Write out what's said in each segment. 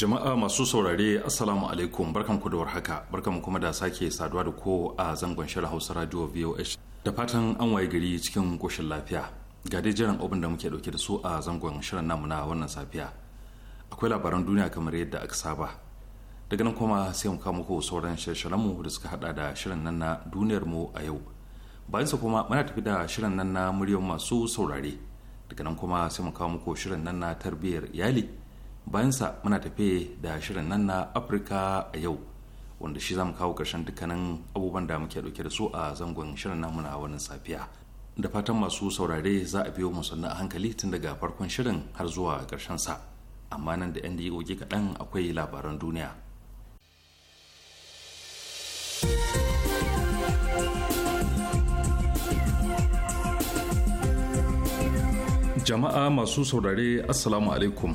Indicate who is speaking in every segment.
Speaker 1: Jama'a masu saurare Assalamu alaikum barkan ku da warhaka barkan kuma da sake saduwa da ko a zangon shirin Hausa Radio VOH da fatan an waye gari cikin koshin lafiya ga dai jiran abin da muke dauke da su a zangon shirin namu na wannan safiya akwai labaran duniya kamar yadda aka saba daga nan kuma sai mu kawo muku sauran shirye mu da suka hada da shirin nan na duniyar mu a yau bayan sa kuma muna tafi da shirin nan na muryar masu saurare daga nan kuma sai mu kawo muku shirin nan na tarbiyyar iyali bayansa muna tafe da shirin nan na afirka a yau wanda shi zamu kawo ƙarshen dukkanin abubuwan da muke dauke da su a zangon shirin namu na wannan safiya da fatan masu saurare za a biyo mu a hankali tun daga farkon shirin har zuwa karshen sa amma nan da 'yan da kaɗan akwai labaran duniya jama'a masu saurare assalamu alaikum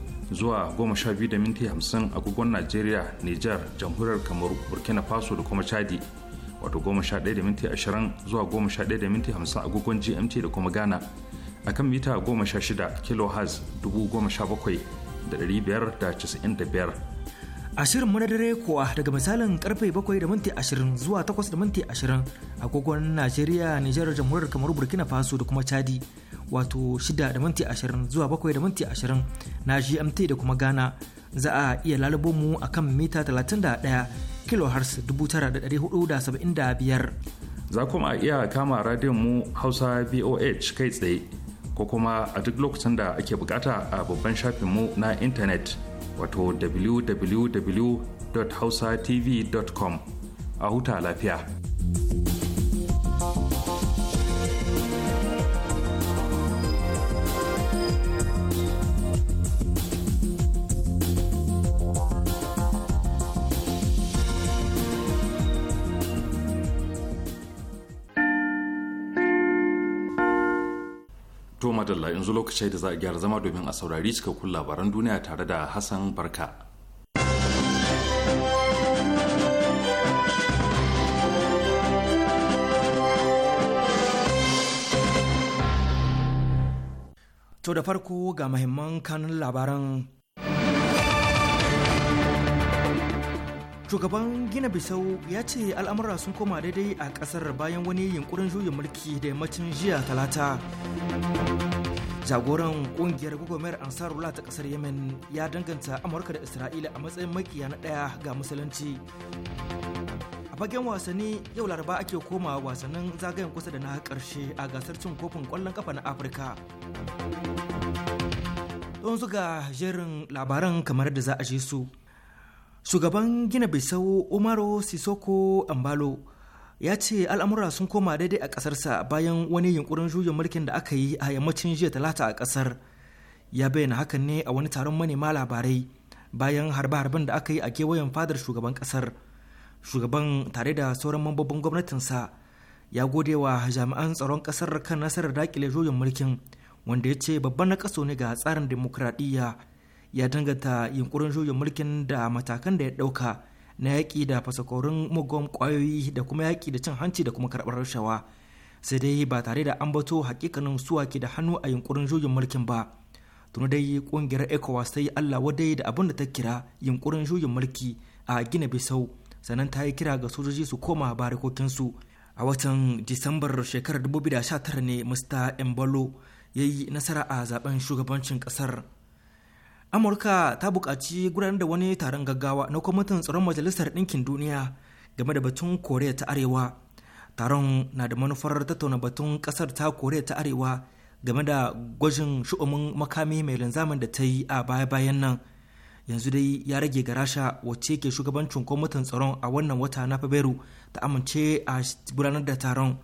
Speaker 1: zuwa biyu da minti 50 agogon najeriya niger jamhuriyar kamaru burkina faso da kuma chadi wato ɗaya da minti ashirin zuwa ɗaya da minti 50 agogon gmt da kuma ghana a kan mita 16 kilohertz 17,595
Speaker 2: A mu na dare kuwa daga misalin karfe 7 da minti 20 zuwa 8 da minti 20 agogon najeriya nijar jamhuriyar kamaru burkina faso da kuma chadi wato 6 da minti 20 zuwa 7 da minti 20 na GMT da kuma Ghana za a iya lalubo mu a kan mita 31 kHz 9475.
Speaker 1: Za kuma a iya kama radiyon mu Hausa BOH kai tsaye ko kuma a duk lokacin da ake bukata a babban shafinmu na intanet wato www.hausatv.com a huta lafiya. madalla yanzu lokacin da za a gyara zama domin a saurari cikakkun labaran duniya tare da Hassan Barka.
Speaker 2: To da farko ga mahimman kanun labaran. Shugaban Gina Bisau ya ce al'amura sun koma daidai a ƙasar bayan wani yunkurin juyin mulki da yammacin jiya talata. jagoran kungiyar gwagwarmayar ansarula ta kasar yemen ya danganta amurka da isra'ila a matsayin makiya na daya ga musulunci a fagen wasanni yau laraba ake koma wasannin zagayen kusa da na karshe a gasar cin kofin kwallon kafa na afirka don zuga jerin labaran kamar da za a je su shugaban gina bisau umaru sisoko ambalo ya ce al'amura sun koma daidai a ƙasarsa bayan wani yunkurin juyin mulkin da aka yi a yammacin jiya talata a ƙasar ya bayyana hakan ne a wani taron manema labarai bayan harbe-harben da aka yi a kewayen fadar shugaban ƙasar shugaban tare da sauran mambobin gwamnatinsa ya gode wa jami'an tsaron ƙasar kan nasarar dakile juyin mulkin wanda ya ce babban nakaso ne ga tsarin demokradiyya ya danganta yunkurin juyin mulkin da matakan da ya ɗauka na yaƙi da fasakorin mugun ƙwayoyi da kuma yaƙi da cin hanci da kuma karɓar rashawa sai dai ba tare da ambato hakikanin suwa ke da hannu a yunkurin juyin mulkin ba tuni dai ƙungiyar ecowas ta yi allah wadai da abin da ta kira yunkurin juyin mulki a gina bisau sannan ta yi kira ga sojoji su koma barikokinsu a watan disambar shekarar 2019 ne mista embalo ya yi nasara a zaben shugabancin ƙasar amurka ta buƙaci gudanar da wani taron gaggawa na kwamitin tsaron majalisar ɗinkin duniya game da batun koriya ta arewa taron na da manufar tattauna batun ƙasar ta koriya ta arewa game da gwajin shu'umin makami mai linzamin da ta yi a baya-bayan nan yanzu dai ya rage ga rasha wacce ke shugabancin kwamitin tsaron a wannan wata na fabairu ta amince a gudanar da taron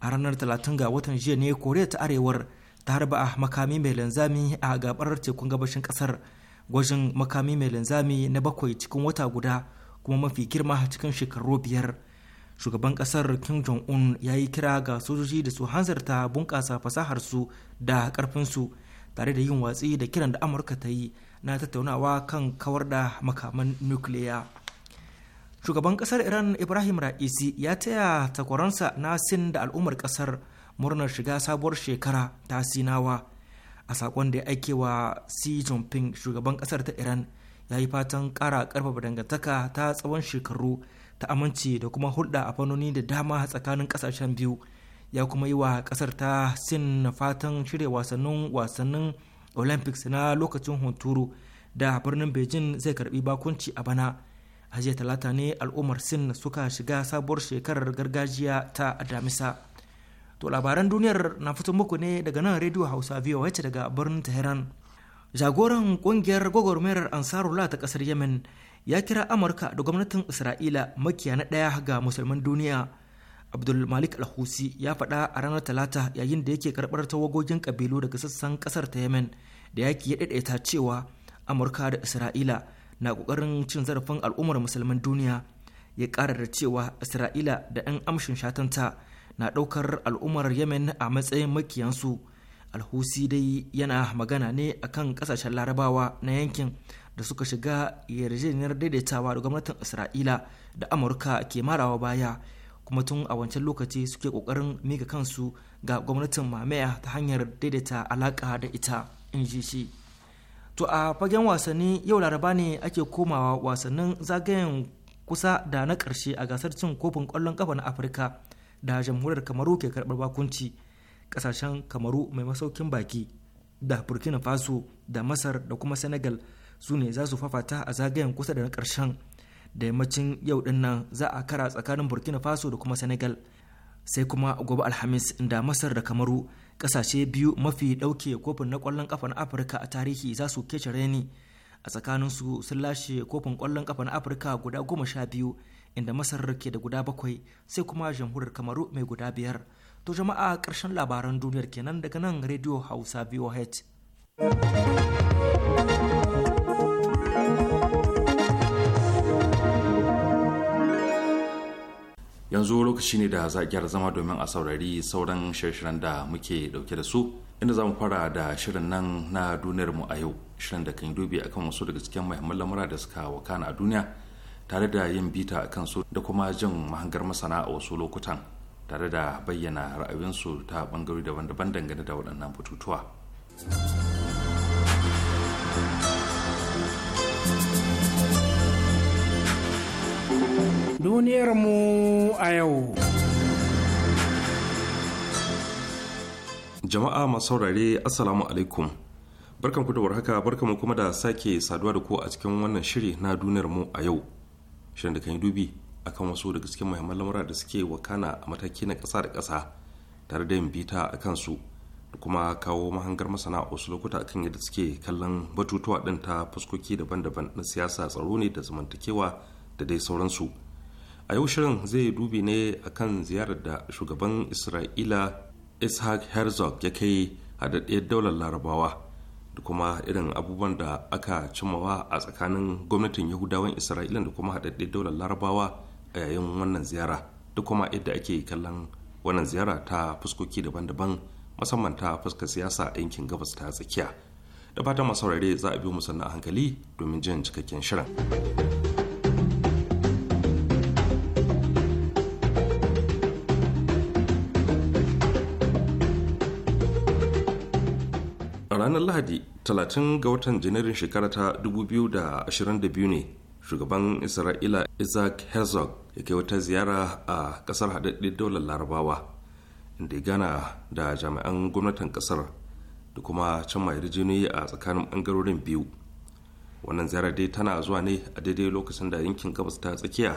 Speaker 2: a ranar talatin ga watan jiya ne koriya ta arewar ta harba makami mai linzami a gabar tekun gabashin kasar gwajin makami mai linzami na bakwai cikin wata guda kuma mafi girma cikin shekaru biyar shugaban kasar kim jong-un ya yi kira ga sojoji da su hanzarta bunƙasa fasaharsu da ƙarfinsu tare da yin watsi da kiran da amurka ta yi na tattaunawa kan kawar da makaman nukiliya shugaban kasar iran ibrahim ra'isi ya taya takwaransa na sin da al'ummar kasar murnar shiga sabuwar shekara ta sinawa a sakon da ya aike wa xi jinping shugaban kasar ta iran ya yi fatan kara karfafa dangantaka ta tsawon shekaru ta aminci da kuma hulɗa a fannoni da dama tsakanin kasashen biyu ya kuma yi wa kasar ta sin fatan shirya wasannin wasannin olympics na lokacin hunturu da birnin beijing zai karbi bakunci a bana a jiya talata ne al'ummar sin suka shiga sabuwar shekarar gargajiya ta adamisa. To labaran duniyar na fito muku ne daga nan rediyo Hausa VOH daga birnin Tehran. Jagoran kungiyar gwagwarmayar Ansarullah ta kasar Yemen ya kira Amurka da gwamnatin Isra'ila makiya na ɗaya ga musulman duniya. Abdul Malik Al-Husi ya faɗa a ranar Talata yayin da yake karɓar tawagogin kabilu daga sassan ƙasar ta Yemen da yaki ya ɗaiɗaita cewa Amurka da Isra'ila na ƙoƙarin cin zarafin al'ummar musulman duniya ya ƙara da cewa Isra'ila da 'yan amshin shatanta na ɗaukar al'ummar yemen a matsayin makiyansu alhusi dai yana magana ne akan kasashen larabawa na yankin da suka shiga yarjejeniyar daidaitawa da gwamnatin isra'ila da amurka ke marawa baya kuma tun a wancan lokaci suke kokarin mika kansu ga gwamnatin mamaya ta hanyar daidaita alaka da ita in ji shi to a fagen wasanni yau laraba ne ake komawa wasannin zagayen kusa da na ƙarshe a gasar cin kofin ƙwallon ƙafa na afirka da jamhuriyar kamaru ke karɓar bakunci ƙasashen kamaru mai masaukin baki da burkina faso da masar da kuma senegal su ne za su fafata a zagayen kusa da na karshen da yammacin yau din nan za a kara tsakanin burkina faso da kuma senegal sai kuma gobe alhamis da masar da kamaru ƙasashe biyu mafi ɗauke kofin na kwallon ƙafa na afirka a tarihi za su kece reni a su sun lashe kofin ƙwallon ƙafa na afirka guda goma sha biyu inda masar ke da guda bakwai sai kuma jamhuriyar kamaru mai guda biyar to jama'a ƙarshen labaran duniyar kenan daga nan rediyo hausa voh
Speaker 1: yanzu lokaci ne da za a gyara zama domin a saurari sauran shirye da muke dauke da su inda za mu fara da shirin nan na duniyarmu a yau shirin da kan dubi akan wasu daga cikin muhimman lamura da suka wakana a duniya tare da yin bita a kansu da kuma jin mahangar masana a wasu lokutan tare da bayyana ra'ayinsu ta bangare daban-daban dangane da waɗannan bututuwa.
Speaker 3: Duniyarmu a yau.
Speaker 1: Jama'a masu saurare Assalamu alaikum. Barkan da warhaka, barkanku kuma da sake saduwa da ku a cikin wannan shiri na duniyarmu a yau. shirin da kan yi dubi a kan wasu daga cikin muhimman lamura da suke wakana a mataki na kasa da ƙasa tare da yin bita a kansu da kuma kawo mahangar masana a wasu lokuta akan yadda suke kallon batutuwa ɗin ta fuskoki daban-daban na siyasa tsaro ne da zamantakewa da dai sauransu a yau shirin zai dubi ne a kan ziyarar da shugaban isra'ila ishaq herzog ya kai haɗaɗɗiyar daular larabawa da kuma irin abubuwan da aka cimmawa a tsakanin gwamnatin yahudawan isra'ila da kuma haɗaɗɗe daular larabawa a yayin wannan ziyara da kuma yadda ake kallon wannan ziyara ta fuskoki daban-daban musamman ta fuskar siyasa a yankin gabas ta tsakiya da fatan masaurare za a biyo musannin a hankali domin jin cikakken shirin. lahadi 30 ga watan janairun shekara ta 2022 ne shugaban isra'ila isaac herzog ya kai wata ziyara a kasar haɗaɗɗen daular larabawa inda ya gana da jami'an gwamnatin kasar da kuma can mai rijini a tsakanin ɓangarorin biyu wannan ziyara dai tana zuwa ne a daidai lokacin da yankin gabas ta tsakiya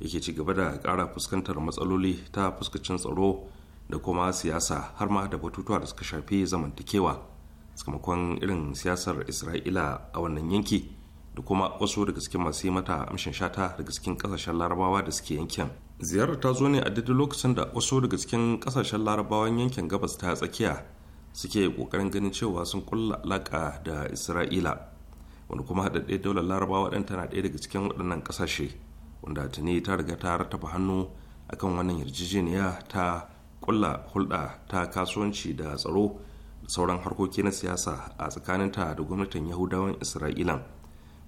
Speaker 1: yake ci gaba da ƙara fuskantar matsaloli ta fuskacin tsaro da kuma siyasa har ma da batutuwa da suka shafi zamantakewa sakamakon irin siyasar isra'ila a wannan yanki da kuma wasu daga cikin masu yi mata amshin shata daga cikin kasashen larabawa da suke yankin ziyarar ta zo ne a daidai lokacin da wasu daga cikin kasashen larabawan yankin gabas ta tsakiya suke kokarin ganin cewa sun kulla alaka da isra'ila wanda kuma haɗaɗɗe daular larabawa ɗin tana ɗaya daga cikin waɗannan ƙasashe wanda tuni ta riga ta rattaba hannu akan wannan yarjejeniya ta kulla hulɗa ta kasuwanci da tsaro sauran harkoki na siyasa a tsakaninta da gwamnatin yahudawan isra'ila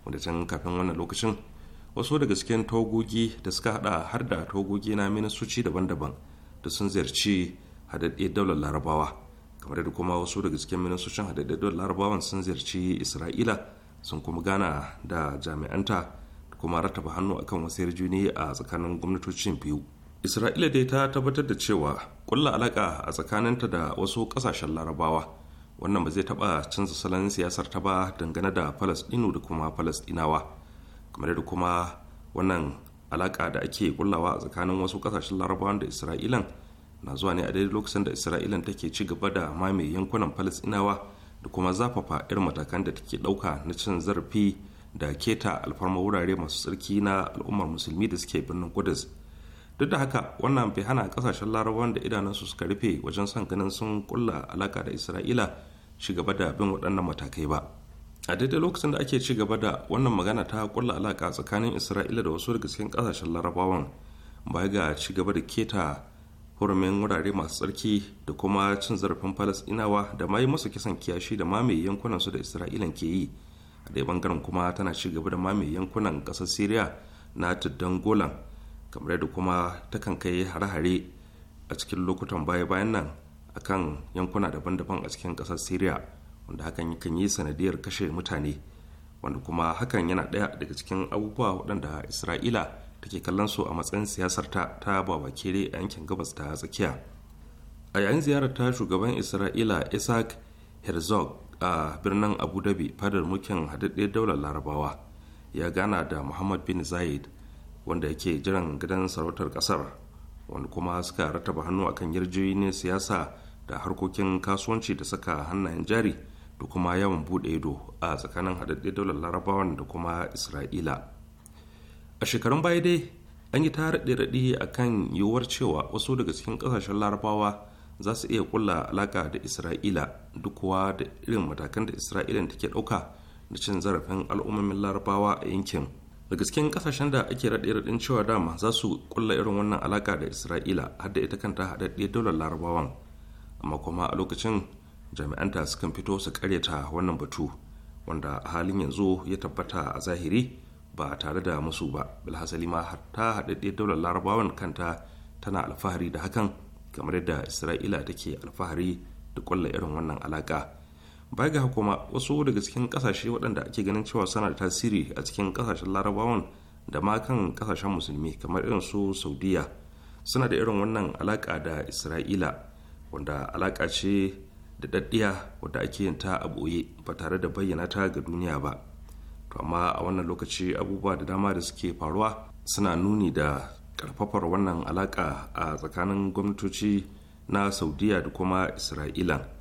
Speaker 1: wanda can kafin wannan lokacin wasu daga cikin togogi da suka hada har da togogi na ministoci daban-daban da sun ziyarci haɗaɗɗe daular larabawa kamar da kuma wasu daga cikin ministocin haɗaɗɗe daular larabawan sun ziyarci isra'ila sun kuma gana da jami'anta da kuma rattaba hannu akan wasu yarjuni a tsakanin gwamnatocin biyu isra'ila dai ta tabbatar da cewa kulla alaka a tsakaninta da wasu kasashen larabawa wannan ba zai taba canza salon siyasar ta ba dangane da falasɗinu da kuma falasdinawa kamar da kuma wannan alaka da ake kullawa a tsakanin wasu kasashen larabawan da isra'ilan na zuwa ne a daidai lokacin da isra'ilan take ci gaba da mamaye yankunan falasdinawa da kuma zafafa irin matakan da take dauka na cin zarafi da keta alfarma wurare masu tsarki na al'ummar musulmi da suke birnin kudus duk da haka wannan bai hana kasashen larabawan da idanunsu suka rufe wajen son ganin sun kulla alaka da isra'ila ci gaba da bin waɗannan matakai ba a daidai lokacin da ake ci gaba da wannan magana ta kulla alaka tsakanin isra'ila da wasu daga cikin kasashen larabawan baya ga ci gaba da keta hurumin wurare masu tsarki da kuma cin zarafin falasɗinawa da ma yi musu kisan kiyashi da mamaye yankunan su da isra'ilan ke yi a daidai bangaren kuma tana ci gaba da mamaye yankunan ƙasar syria na tuddan golan kamar yadda kuma takan kai hare-hare a cikin lokutan baya-bayan nan a kan yankuna daban-daban a cikin ƙasar syria wanda hakan kan yi sanadiyar kashe mutane wanda kuma hakan yana ɗaya daga cikin abubuwa waɗanda isra'ila take kallon su a matsayin siyasarta ta babakere a yankin gabas ta tsakiya a yayin ziyarar ta shugaban isra'ila isaac herzog a birnin abu dhabi fadar mulkin haɗaɗɗiyar daular larabawa ya gana da muhammad bin zayed wanda yake jiran gidan sarautar kasar wanda kuma suka rataba hannu akan yarjejeniyar siyasa da harkokin kasuwanci da saka hannayen jari da kuma yawan buɗe ido a tsakanin haɗaɗɗe daular larabawan da kuma isra'ila a shekarun baya dai an yi ta raɗe-raɗe a kan yiwuwar cewa wasu daga cikin ƙasashen larabawa za su iya kulla alaƙa da isra'ila duk kuwa da irin matakan da isra'ilan take ɗauka da cin zarafin al'ummomin larabawa a yankin da cikin kasashen da ake raɗe raɗin cewa dama za su kulla irin wannan alaka da isra'ila har da ita kanta haɗaɗɗiyar daular larabawan amma kuma a lokacin jami'anta sukan fito su karyata wannan batu wanda a halin yanzu ya tabbata a zahiri ba tare da musu ba bilhassali ma ta haɗaɗɗiyar daular larabawan kanta tana alfahari da hakan kamar yadda isra'ila take alfahari da kulla irin wannan alaka baya ga kuma wasu daga cikin kasashe waɗanda ake ganin cewa suna da tasiri a cikin kasashen larabawan da ma kan kasashen musulmi kamar irin su saudiya suna da irin wannan alaƙa da isra'ila wanda alaƙa ce da daddiya wadda ake yin ta a ɓoye ba tare da bayyana ta ga duniya ba to amma a wannan lokaci abubuwa da dama da suke faruwa suna nuni da karfafar wannan alaƙa a tsakanin gwamnatoci na saudiya da kuma isra'ila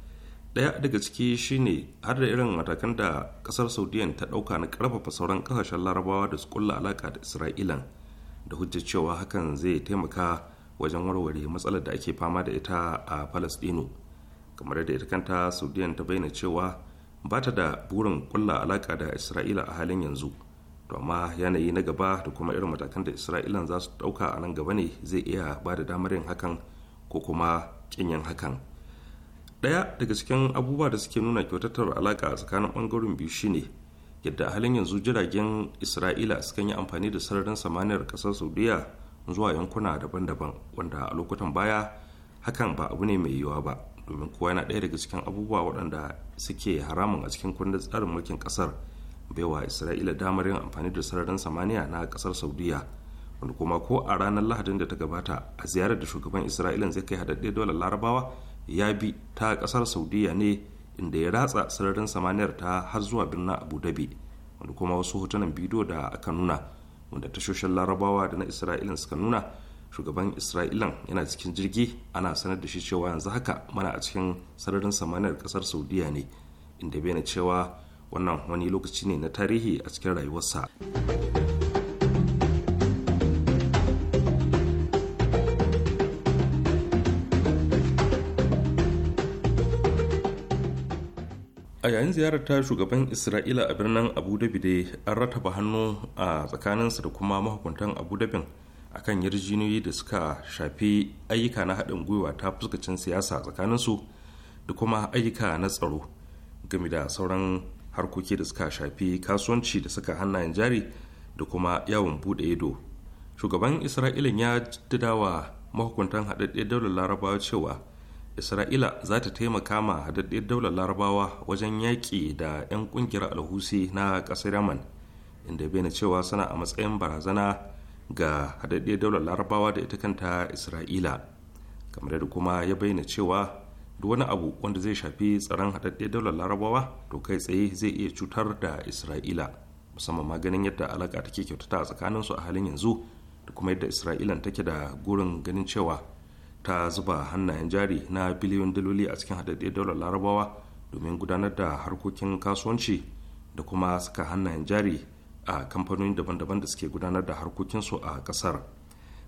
Speaker 1: daya daga ciki shine har da irin matakan da kasar saudiyan ta dauka na karfafa sauran kasashen larabawa da su kulla alaka da isra'ilan da hujjar cewa hakan zai taimaka wajen warware matsalar da ake fama da ita a palestino kamar da ita kanta saudiyan ta bayyana cewa ba ta da burin kulla alaka da isra'ila a halin yanzu to amma yanayi na gaba da kuma irin matakan da isra'ilan za su dauka a nan gaba ne zai iya ba da damar yin hakan ko kuma kinyin yin hakan daya daga cikin abubuwa da suke nuna kyautatar a tsakanin ɓangaren biyu shine yadda a halin yanzu jiragen isra'ila sukan yi amfani da sararin samaniyar kasar saudiya zuwa yankuna daban-daban wanda a lokutan baya hakan ba abu ne mai yiwuwa ba domin kowa yana daya daga cikin abubuwa waɗanda suke haramun a cikin kundin tsarin mulkin ƙasar baiwa isra'ila damar yin amfani da sararin samaniya na kasar saudiya wanda kuma ko a ranar lahadin da ta gabata a ziyarar da shugaban isra'ila zai kai haɗaɗɗe dole larabawa ya bi ta kasar saudiya ne inda ya ratsa sararin samaniyar ta har zuwa birnin abu dhabi wanda kuma wasu hotunan bidiyo da aka nuna wanda tashoshin larabawa da na isra'ilan suka nuna shugaban isra'ilan yana cikin jirgi ana sanar da shi cewa yanzu haka mana a cikin sararin samaniyar kasar saudiya ne inda bai na cewa wannan wani lokaci ne na tarihi a cikin rayuwarsa. a yayin ziyarar ta shugaban isra'ila a birnin abu dhabi dai an rataba hannu a tsakaninsa da kuma mahukuntan abu dhabin akan yarjiniyoyi da suka shafi ayyuka na haɗin gwiwa ta fuskacin siyasa tsakaninsu da kuma ayyuka na tsaro game da sauran harkoki da suka shafi kasuwanci da suka hannayen jari da kuma yawon buɗe ido shugaban isra'ila ya jaddadawa mahukuntan haɗaɗɗe daular larabawa cewa isra'ila za ta taimaka ma haɗaɗɗiyar daular larabawa wajen yaƙi da 'yan ƙungiyar alhusi na ƙasar yaman inda baina cewa suna a matsayin barazana ga haɗaɗɗiyar daular larabawa da ita kanta isra'ila kamar da kuma ya bayyana cewa duk wani abu wanda zai shafi tsaron haɗaɗɗiyar daular larabawa to kai tsaye zai iya cutar da isra'ila musamman ma ganin yadda alaƙa take kyautata a tsakaninsu a halin yanzu da kuma yadda isra'ilan take da gurin ganin cewa ta zuba hannayen jari na biliyon daloli a cikin haɗaɗɗiyar daular larabawa domin gudanar da harkokin kasuwanci da kuma suka hannayen jari a kamfanoni daban-daban da suke gudanar da harkokinsu a ƙasar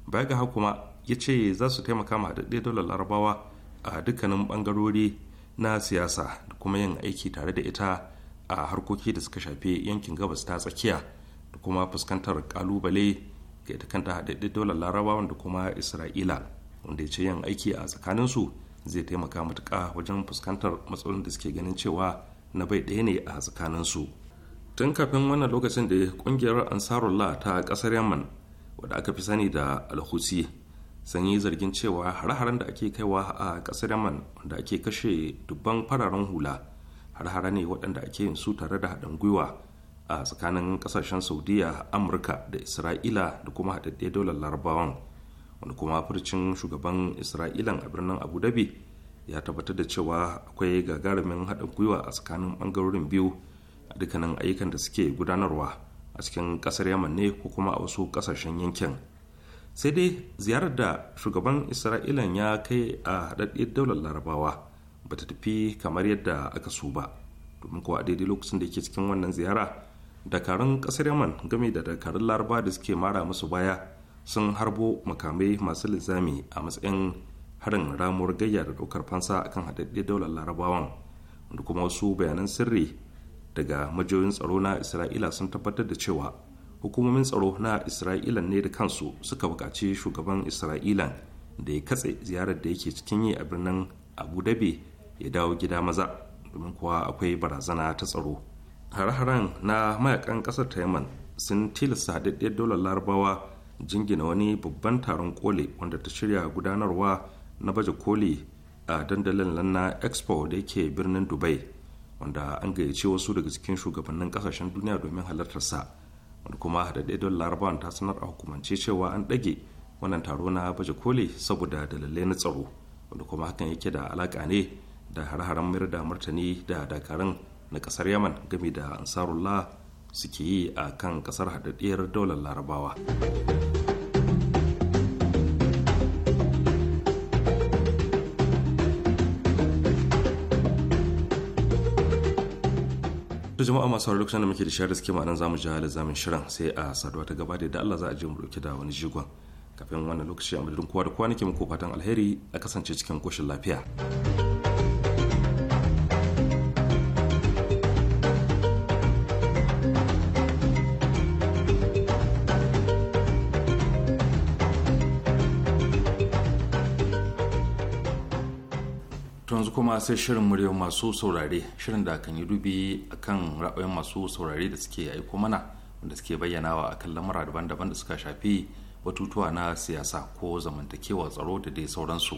Speaker 1: baya ga kuma ya ce za su taimaka ma haɗaɗɗiyar daular larabawa a dukkanin ɓangarori na siyasa da kuma yin aiki tare da ita a harkoki da suka shafi yankin gabas ta tsakiya da kuma fuskantar kalubale ga ita kanta haɗaɗɗiyar daular larabawan da kuma isra'ila wanda ya ce yin aiki a tsakaninsu zai taimaka matuka wajen fuskantar matsalolin da suke ganin cewa na bai ɗaya ne a tsakaninsu tun kafin wannan lokacin da ƙungiyar ansarullah ta ƙasar yaman wadda aka fi sani da alhusi sun yi zargin cewa har haren da ake kaiwa a ƙasar yaman wanda ake kashe dubban fararen hula har hare ne waɗanda ake yin su tare da haɗin gwiwa a tsakanin ƙasashen saudiya amurka da isra'ila da kuma haɗaɗɗe dolar larabawan wani kuma furcin shugaban isra'ilan a birnin abu dhabi ya tabbatar da cewa akwai gagarumin haɗin gwiwa a tsakanin ɓangarorin biyu a dukkanin ayyukan da suke gudanarwa a cikin ƙasar yaman ne ko kuma a wasu ƙasashen yankin sai dai ziyarar da shugaban isra'ilan ya kai a haɗaɗɗe daular larabawa ba ta tafi kamar yadda aka so ba domin kuwa a daidai lokacin da yake cikin wannan ziyara dakarun ƙasar yaman game da dakarun Larabawa da suke mara musu baya sun harbo makamai masu lizami a matsayin harin ramuwar gayya da ɗaukar fansa akan haɗaɗɗe daular larabawan da kuma wasu bayanan sirri daga majiyoyin tsaro na isra'ila sun tabbatar da cewa hukumomin tsaro na isra'ila ne da kansu suka buƙaci shugaban Isra'ilan da ya katse ziyarar da yake cikin yi a birnin abu dhabi ya dawo gida maza domin kuwa akwai barazana ta tsaro hare-haren na mayakan ƙasar ta yaman sun tilasta haɗaɗɗiyar daular larabawa jingina wani babban taron koli wanda ta shirya gudanarwa na baje koli a dandalin lanna expo da yake birnin dubai wanda an gayyace wasu daga cikin shugabannin kasashen duniya domin halartarsa wanda kuma don larabawan ta sanar a hukumance cewa an ɗage wannan taro na baje koli saboda dalilai na tsaro wanda kuma hakan yake da alaƙa ne da hare-haren mayar da martani da dakarun na ƙasar yaman game da ansarullah suke yi a kan ƙasar haɗaɗɗiyar daular larabawa. jama'a masu sauraro lokacin da muke da shirin suke ma'anan zamu ji halin zamin shirin sai a saduwa ta gaba da yadda Allah za a je mu dauke da wani jigon kafin wannan lokaci a madadin kowa da kowa nake muku fatan alheri a kasance cikin koshin lafiya. sai shirin muryar masu saurare shirin da kan yi dubi akan ra'ayoyin masu saurare da suke aiko mana wanda suke bayyana bayyanawa akan lamura daban-daban da suka shafi batutuwa na siyasa ko zamantakewa tsaro da dai sauransu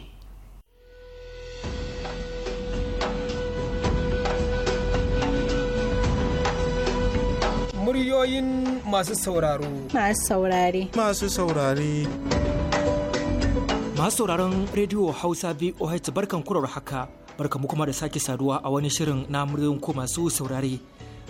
Speaker 4: muryoyin masu sauraro
Speaker 5: masu saurare
Speaker 2: masu saurare masu sauraron rediyo hausa voh barkan kurar haka barkamu kuma da sake saduwa a wani shirin na muryoyin ku masu saurare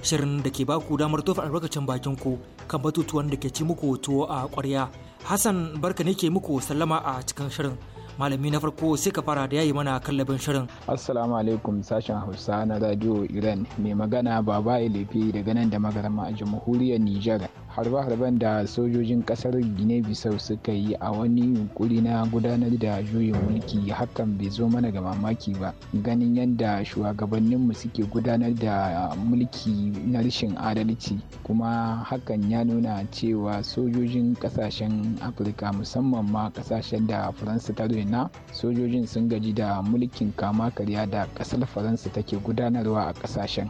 Speaker 2: shirin da ke baku damar tofa albarkacin bakin ku kan batutuwan da ke ci muku tuwo a kwarya hassan barka ne ke muku sallama a cikin shirin malami na farko sai ka fara da yayi mana kallabin shirin.
Speaker 4: Assalamu alaikum sashen Hausa na Radio Iran mai magana Baba ilifi daga nan da magarama a jamhuriyar Nijar. harbe-harben da sojojin kasar gine bisau suka yi a wani yunkuri na gudanar da juyin mulki hakan bai zo mana ga mamaki ba ganin yadda shugabanninmu suke gudanar da mulki na rashin adalci kuma hakan ya nuna cewa sojojin kasashen afirka musamman ma kasashen da faransa ta rena sojojin sun gaji da mulkin kama karya da kasar faransa take gudanarwa a kasashen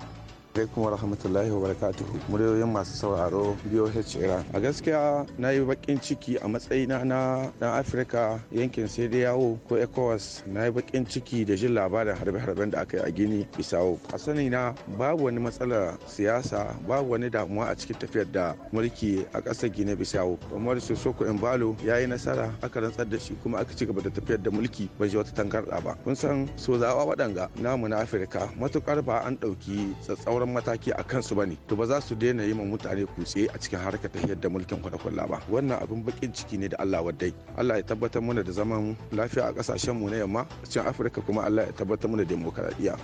Speaker 6: alaikum warahmatullahi wabarakatuhu muryoyin masu sauraro BOH Iran a gaskiya na yi bakin ciki a matsayina na dan Afirka yankin sai dai yawo ko ECOWAS na yi bakin ciki da jin labarin harbe-harben da aka yi a Gini Bisau a sani na babu wani matsalar siyasa babu wani damuwa a cikin tafiyar da mulki a ƙasar Gini Bisau Umar soko imbalo ya yi nasara aka rantsar da shi kuma aka ci gaba da tafiyar da mulki bai ji wata tangarɗa ba kun san sozawa waɗanga namu na Afirka matukar ba an ɗauki tsatsauran sauran mataki a kansu bane to ba za su daina yi ma mutane kutse a cikin harkar tafiyar da mulkin kwadakwalla ba wannan abin bakin ciki ne da Allah wadai Allah ya tabbatar mana da zaman lafiya a kasashen mu na yamma cikin Afirka kuma Allah ya tabbatar mana da demokradiya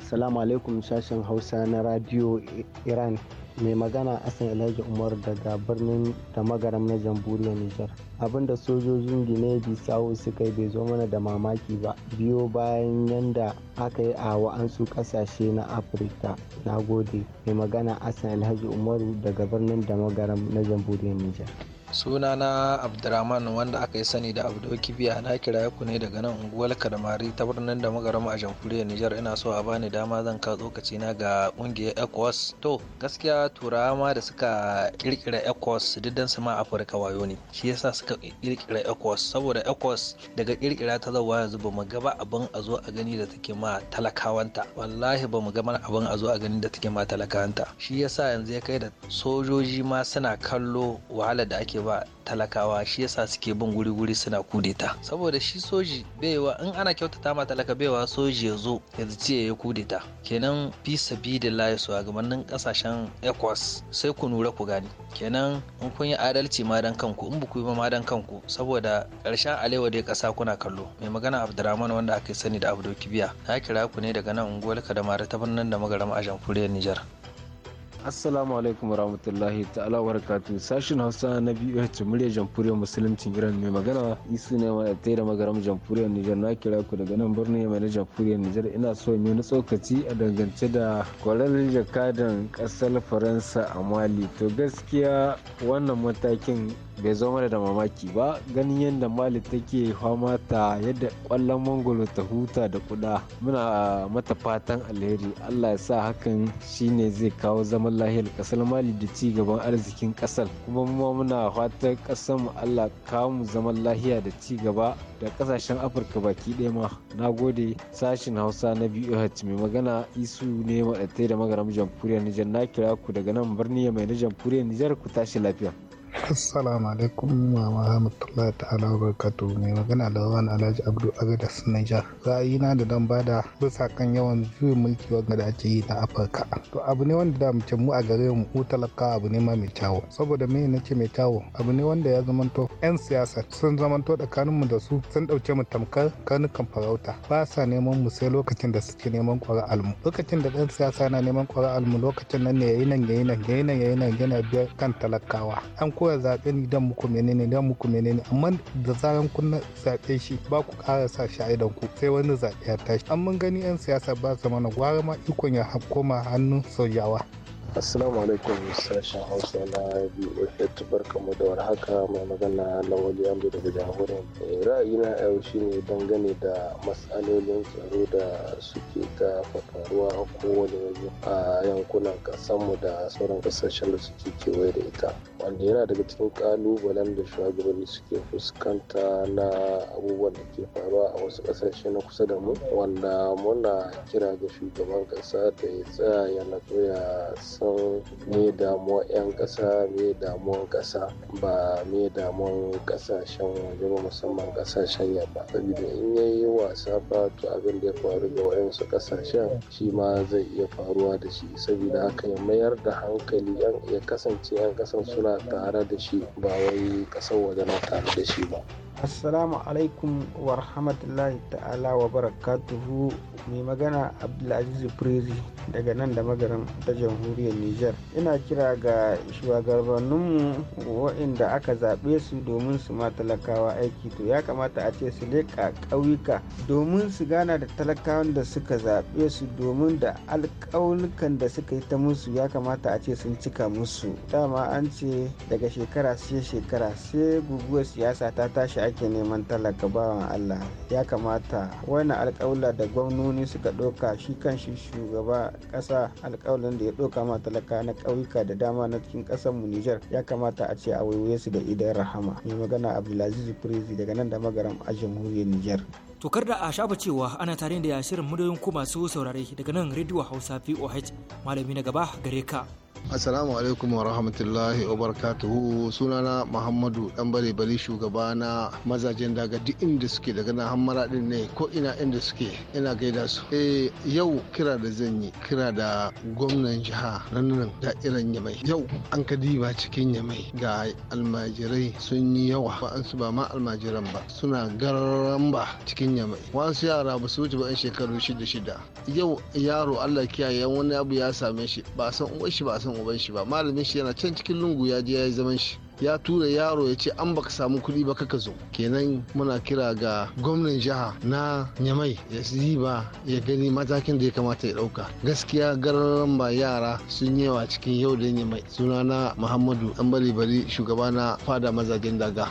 Speaker 7: Assalamu alaikum sashen Hausa na Radio Iran. mai magana asan alhaji umar daga birnin da magaram na jamhuriyar nijar abinda sojojin guinea bissau suka yi bai zo mana da mamaki ba biyo bayan yadda aka yi a wa'ansu kasashe na afirka na gode mai magana asan alhaji umaru daga birnin da magaram na jamhuriyar nijar
Speaker 5: sunana abdurrahman wanda aka yi sani da abdoki biya na kira ku ne daga nan unguwar kadamari ta birnin da magarama a jamhuriyar nijar ina so a bani dama zan ka tsokaci na ga kungiyar ecowas to gaskiya turawa ma da suka kirkira ecowas diddan su ma afirka wayo ne shi yasa suka kirkira ecowas saboda ecowas daga kirkira ta zauwa yanzu ba mu gaba abin a zo a gani da take ma talakawanta wallahi ba mu abin a zo a gani da take ma talakawanta shi yasa yanzu ya kai da sojoji ma suna kallo wahala da ake suke ba talakawa shi yasa suke bin guri-guri suna kudeta saboda shi soji baiwa in ana kyautata ma talaka baiwa soji ya zo ya ce ya kudeta kenan fi sabi da layi su a kasashen ecos sai ku nura ku gani kenan in kun yi adalci ma dan kanku in buku yi ma dan kanku saboda karshen alewa dai kasa kuna kallo mai magana abdurrahman wanda aka sani da abdo kibiya na kira ku ne daga nan unguwar mara ta birnin da magarama a jamhuriyar nijar
Speaker 4: assalamu alaikum warahmatullahi ta'ala barakatu sashin hausa na biyu wacce murya jamhuriyar musuluncin iran mai magana isu ne ma ta da magaram jamhuriyar nijar na kira ku daga nan birnin yamma na jamhuriyar nijar ina so yi na tsokaci a dangance da kwararren jakadan kasar faransa a mali to gaskiya wannan matakin bai zama mana da mamaki ba ganin yadda mali take fama ta yadda kwallon mangolo ta huta da kuda muna mata fatan alheri allah ya sa hakan shine zai kawo zaman lahiyar kasar mali da ci gaban arzikin kasar kuma mu muna fatan kasar mu allah kawo mu zaman lahiya da ci gaba da kasashen afirka baki ɗaya ma na gode sashen hausa na boh mai magana isu ne maɗatai da magaram jamhuriyar nijar na kira ku daga nan birni mai na jamhuriyar nijar ku tashi lafiya Assalamu alaikum mama Hamdulillah ta'ala barkatu mai magana da wani Alhaji Abdu Agadas ra'ayi na da dan bada bisa kan yawan juyin mulki wanda da ake yi na Afirka. To abu ne wanda da mace mu a gare mu ko talaka abu ne ma mai kyawu. Saboda me nace mai kyawu abu ne wanda ya zamanto yan siyasa sun zamanto tsakanin mu da su sun dauke mu tamkar karnukan farauta. Ba sa neman mu sai lokacin da suke neman ƙwarar mu. Lokacin da ɗan siyasa na neman ƙwarar mu lokacin nan ne yayi nan yayi nan yayi nan yayi nan yana biyar kan talakawa. An kowa zaɓen zaɓe ni dan muku menene dan muku menene amma da zaran kun zaɓe shi ba ku ƙara sa shi ku sai wani zaɓe ya tashi an mun gani 'yan siyasa ba su mana gwara ma ikon ya koma hannun sauyawa. Assalamu alaikum sashen Hausa na Barka barkamu da warhaka mai magana Lawali Ambe daga jamhuriyar. Ra'ayina yau shine dangane da matsalolin tsaro da suke ta faruwa a kowane waje a yankunan kasanmu da sauran ƙasashen da suke kewaye da ita. Wanda yana daga cikin kalubalen da shugabanni suke fuskanta na abubuwan da ke faruwa a wasu ƙasashe na kusa da mu wanda muna kira ga shugaban ƙasa da ya tsaya ya natsu ya san me damuwan 'yan ƙasa me damuwan ƙasa ba me damuwan ƙasashen waje ba musamman ƙasashen yamma saboda in ya yi wasa ba to abin da ya faru da wayansu ƙasashen shi ma zai iya faruwa da shi saboda haka ya mayar da hankali ya kasance 'yan ƙasan suna tare da shi ba wai ƙasar waje na tare da shi ba. Assalamu alaikum wa rahmatullahi ta'ala wa barakatuhu mai magana Abdulaziz Prezi daga nan da magaram ta jamhuriyar Nijar. Ina kira ga shugabanninmu waɗanda aka zaɓe su domin su ma talakawa aiki to ya kamata a ce su leƙa ƙauyuka domin su gana da talakawan da suka zaɓe su domin da alƙaulukan da suka yi ta musu ya kamata a ce sun cika musu. Dama an ce daga shekara sai shekara sai guguwar siyasa ta tashi ake neman talaka bawan Allah ya kamata wani alƙawula da gwamnoni suka ɗauka shi kan shi shugaba ƙasa alƙawarin da ya ɗauka ma talaka na ƙauyuka da dama na cikin ƙasar mu Nijar ya kamata a ce a waiwaye su da idan rahama mai magana Abdulaziz Prezi daga nan da magaram a jamhuriyar Nijar.
Speaker 2: Tokar da a shafa cewa ana tare da yashirin muryoyin ku masu saurare daga nan rediyo Hausa VOH malami na gaba gare ka.
Speaker 8: Assalamu alaikum wa rahmatullahi wa barakatuhu sunana Muhammadu dan bale bali shugaba na mazajen daga duk inda suke daga na hammara din ne ko ina inda suke ina gaida su. Eh yau kira da zan yi kira da gwamnan jiha nan da'iran Yamai. Yau an ka diba cikin Yamai ga almajirai sun yi yawa ba an su ba ma almajiran ba suna garamba cikin Yamai. Wasu yara ba su wuce ba shekaru shida shida. Yau yaro Allah kiyaye wani abu ya same shi ba san uwar shi ba san uban shi ba malamin shi yana can cikin lungu ya je ya yi zaman shi ya tura yaro ya ce an baka samu kuɗi ba kaka zo kenan muna kira ga gwamnan jiha na nyamai ya yi ba ya gani matakin da ya kamata ya ɗauka gaskiya gararan ba yara sun yawa cikin yau da nyamai sunana muhammadu dan bari bari shugaba na fada mazajen daga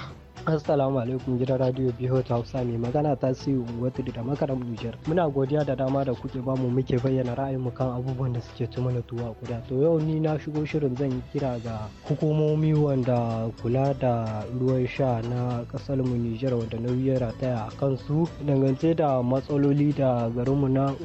Speaker 7: Assalamu alaikum gidan radio biyu ta Hausa mai magana ta siyo Ungwatu da makaran Nijar. Muna godiya da dama da kuke ba mu muke bayyana ra'ayin mu kan abubuwan da suke ci na tuwa guda. To yau ni na shigo shirin zan yi kira ga hukumomi wanda kula da ruwan sha na kasar mu Nijar wanda wuya rataya a su dangance da matsaloli da garinmu na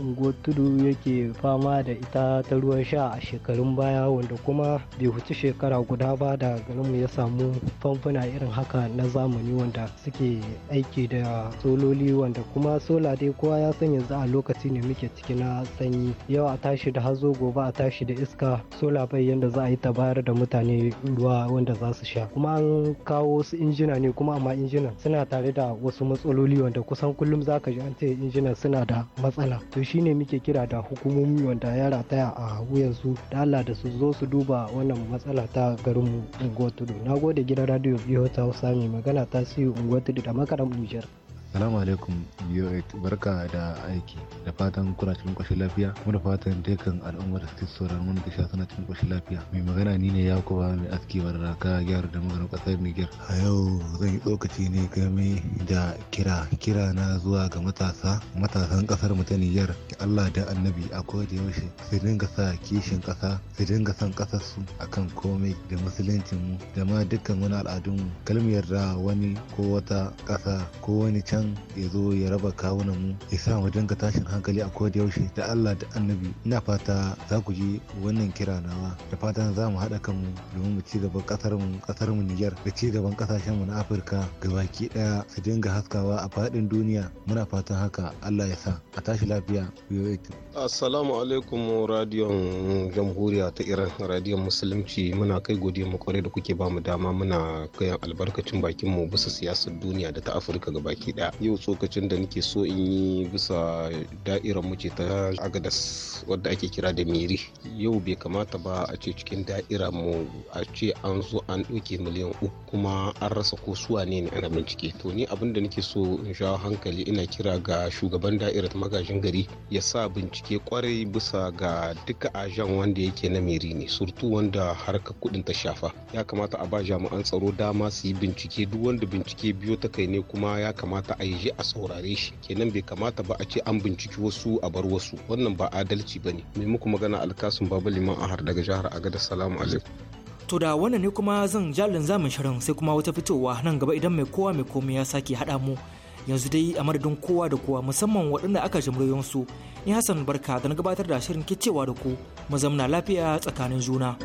Speaker 7: tudu yake fama da ita ta ruwan sha a shekarun baya wanda kuma bai huci shekara guda ba da garinmu ya samu famfuna irin haka na zamani. zamani wanda suke aiki da sololi wanda kuma sola dai kowa ya san yanzu a lokaci ne muke ciki na sanyi yau a tashi da hazo gobe a tashi da iska sola bai yanda za a yi ta bayar da mutane ruwa wanda za su sha kuma an kawo su injina ne kuma amma injina suna tare da wasu matsaloli wanda kusan kullum za ka ji an ce injina suna da matsala to shine muke kira da hukumomi wanda ya rataya a wuyansu da Allah da su zo su duba wannan matsala ta garinmu Gotudu. Na nagode gidan radio biyu ta Hausa mai magana ata si unguwata da dama karam Nijar.
Speaker 4: Salamu alaikum VOA barka da aiki da fatan kuna cikin ƙoshin lafiya kuma da fatan dukkan al'ummar da suke sauraron wannan tasha suna cikin ƙoshin lafiya. Mai magana ni ne Yakuba mai aski raka gyara da maganar kasar Niger. A yau zan yi tsokaci ne game da kira kira na zuwa ga matasa matasan kasar mu ta Niger Allah da Annabi akwai da yaushe su dinga sa kishin kasa su dinga san kasar su akan komai da musuluncin mu da ma dukkan wani al'adun mu kalmiyar da wani ko wata ƙasa ko wani can shaidan ya zo ya raba kawunan mu ya sa mu dinga tashin hankali a koda yaushe da Allah da annabi ina fata za ku ji wannan kira nawa da fatan za mu haɗa kanmu domin mu ci gaban ƙasar mu ƙasar mu Niger da ci gaban ƙasashen mu na Afirka gabaki daya su dinga haskawa a faɗin duniya muna fatan haka Allah ya sa a tashi lafiya Assalamu alaikum radiyon jamhuriya ta Iran radiyon musulunci muna kai godiya mu kware da kuke bamu dama muna kai albarkacin bakin mu bisa siyasar duniya da ta Afirka gabaki ɗaya Yau tsokacin da nake so in yi bisa da'irar mu ce ta Agadas wadda ake kira da Meri. Yau bai kamata ba a ce cikin da'ira mu a ce an zo an ɗauke miliyan uku kuma an rasa ko suwa ne ne ana bincike. To ni abin da nake so in sha hankali ina kira ga shugaban da'irar magajin gari ya sa bincike kwarai bisa ga duka ajan wanda yake na Meri ne surtu wanda harkar kuɗin ta shafa. Ya kamata a ba jami'an tsaro dama su yi bincike duk wanda bincike biyo ta kai ne kuma ya kamata a yi a saurare shi kenan
Speaker 6: bai kamata ba a ce an binciki wasu a bar wasu wannan ba adalci ba ne mai muku magana alkasun babu liman har daga jihar agada salamu alaikum
Speaker 2: to da wannan ne kuma zan jalin zamin shirin sai kuma wata fitowa nan gaba idan mai kowa mai komai ya sake haɗa mu yanzu dai a madadin kowa da kowa musamman waɗanda aka jimriyon su ni hassan barka da na gabatar da shirin kicewa da ku mu zamna lafiya tsakanin juna.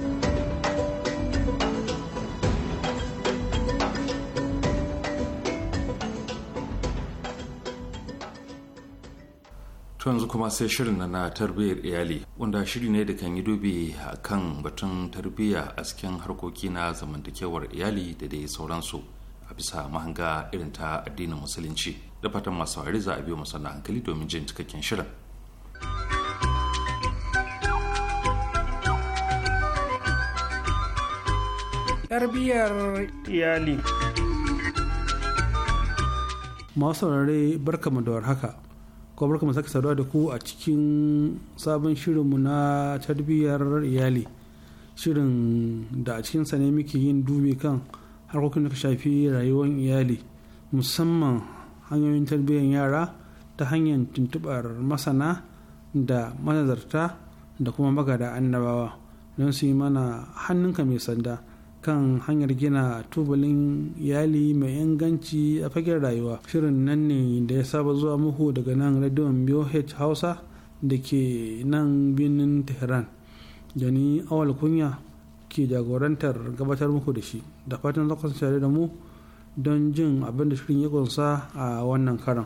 Speaker 1: To yanzu kuma sai shirin na tarbiyyar iyali wanda shiri ne da kan yi dubi a kan batun tarbiyya a cikin harkoki na zamantakewar iyali da dai sauransu a bisa mahanga irin ta addinin musulunci da fatan masu hari za a biyo masu na hankali domin jin cikakken shirin.
Speaker 3: Tarbiyyar
Speaker 1: iyali.
Speaker 9: Masu saurare barkamu da warhaka. haka. ko barkamu sake saduwa da ku a cikin sabon shirinmu na tarbiyyar iyali shirin da a cikinsa ne muke yin dubi kan harkokin da ka shafi rayuwar iyali musamman hanyoyin tarbiyyar yara ta hanyar tuntubar masana da manazarta da kuma magada annabawa don su yi mana hannunka mai sanda kan hanyar gina tubalin iyali mai inganci a fagen rayuwa shirin nan ne da ya saba zuwa muku daga nan radion boh hausa da ke nan birnin tehran da ni awal kunya ke jagorantar gabatar muku da shi da fatan lokacin tare da mu don jin abin da shirin ya kunsa a wannan karan.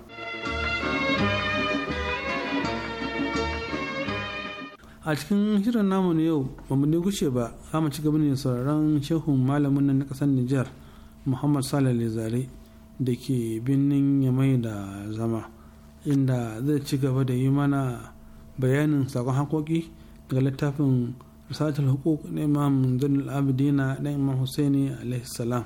Speaker 9: a cikin shirin namu na yau ba mu guce ba za mu ci gaba ne sauraron shehun malamin nan na kasar Nijar Muhammad Salih Lezare da ke birnin Yamai da zama inda zai ci gaba da yi mana bayanin sakon hakoki daga littafin Risatul Hukuk na Imam Zainul Abidina na Imam Hussaini alaihi salam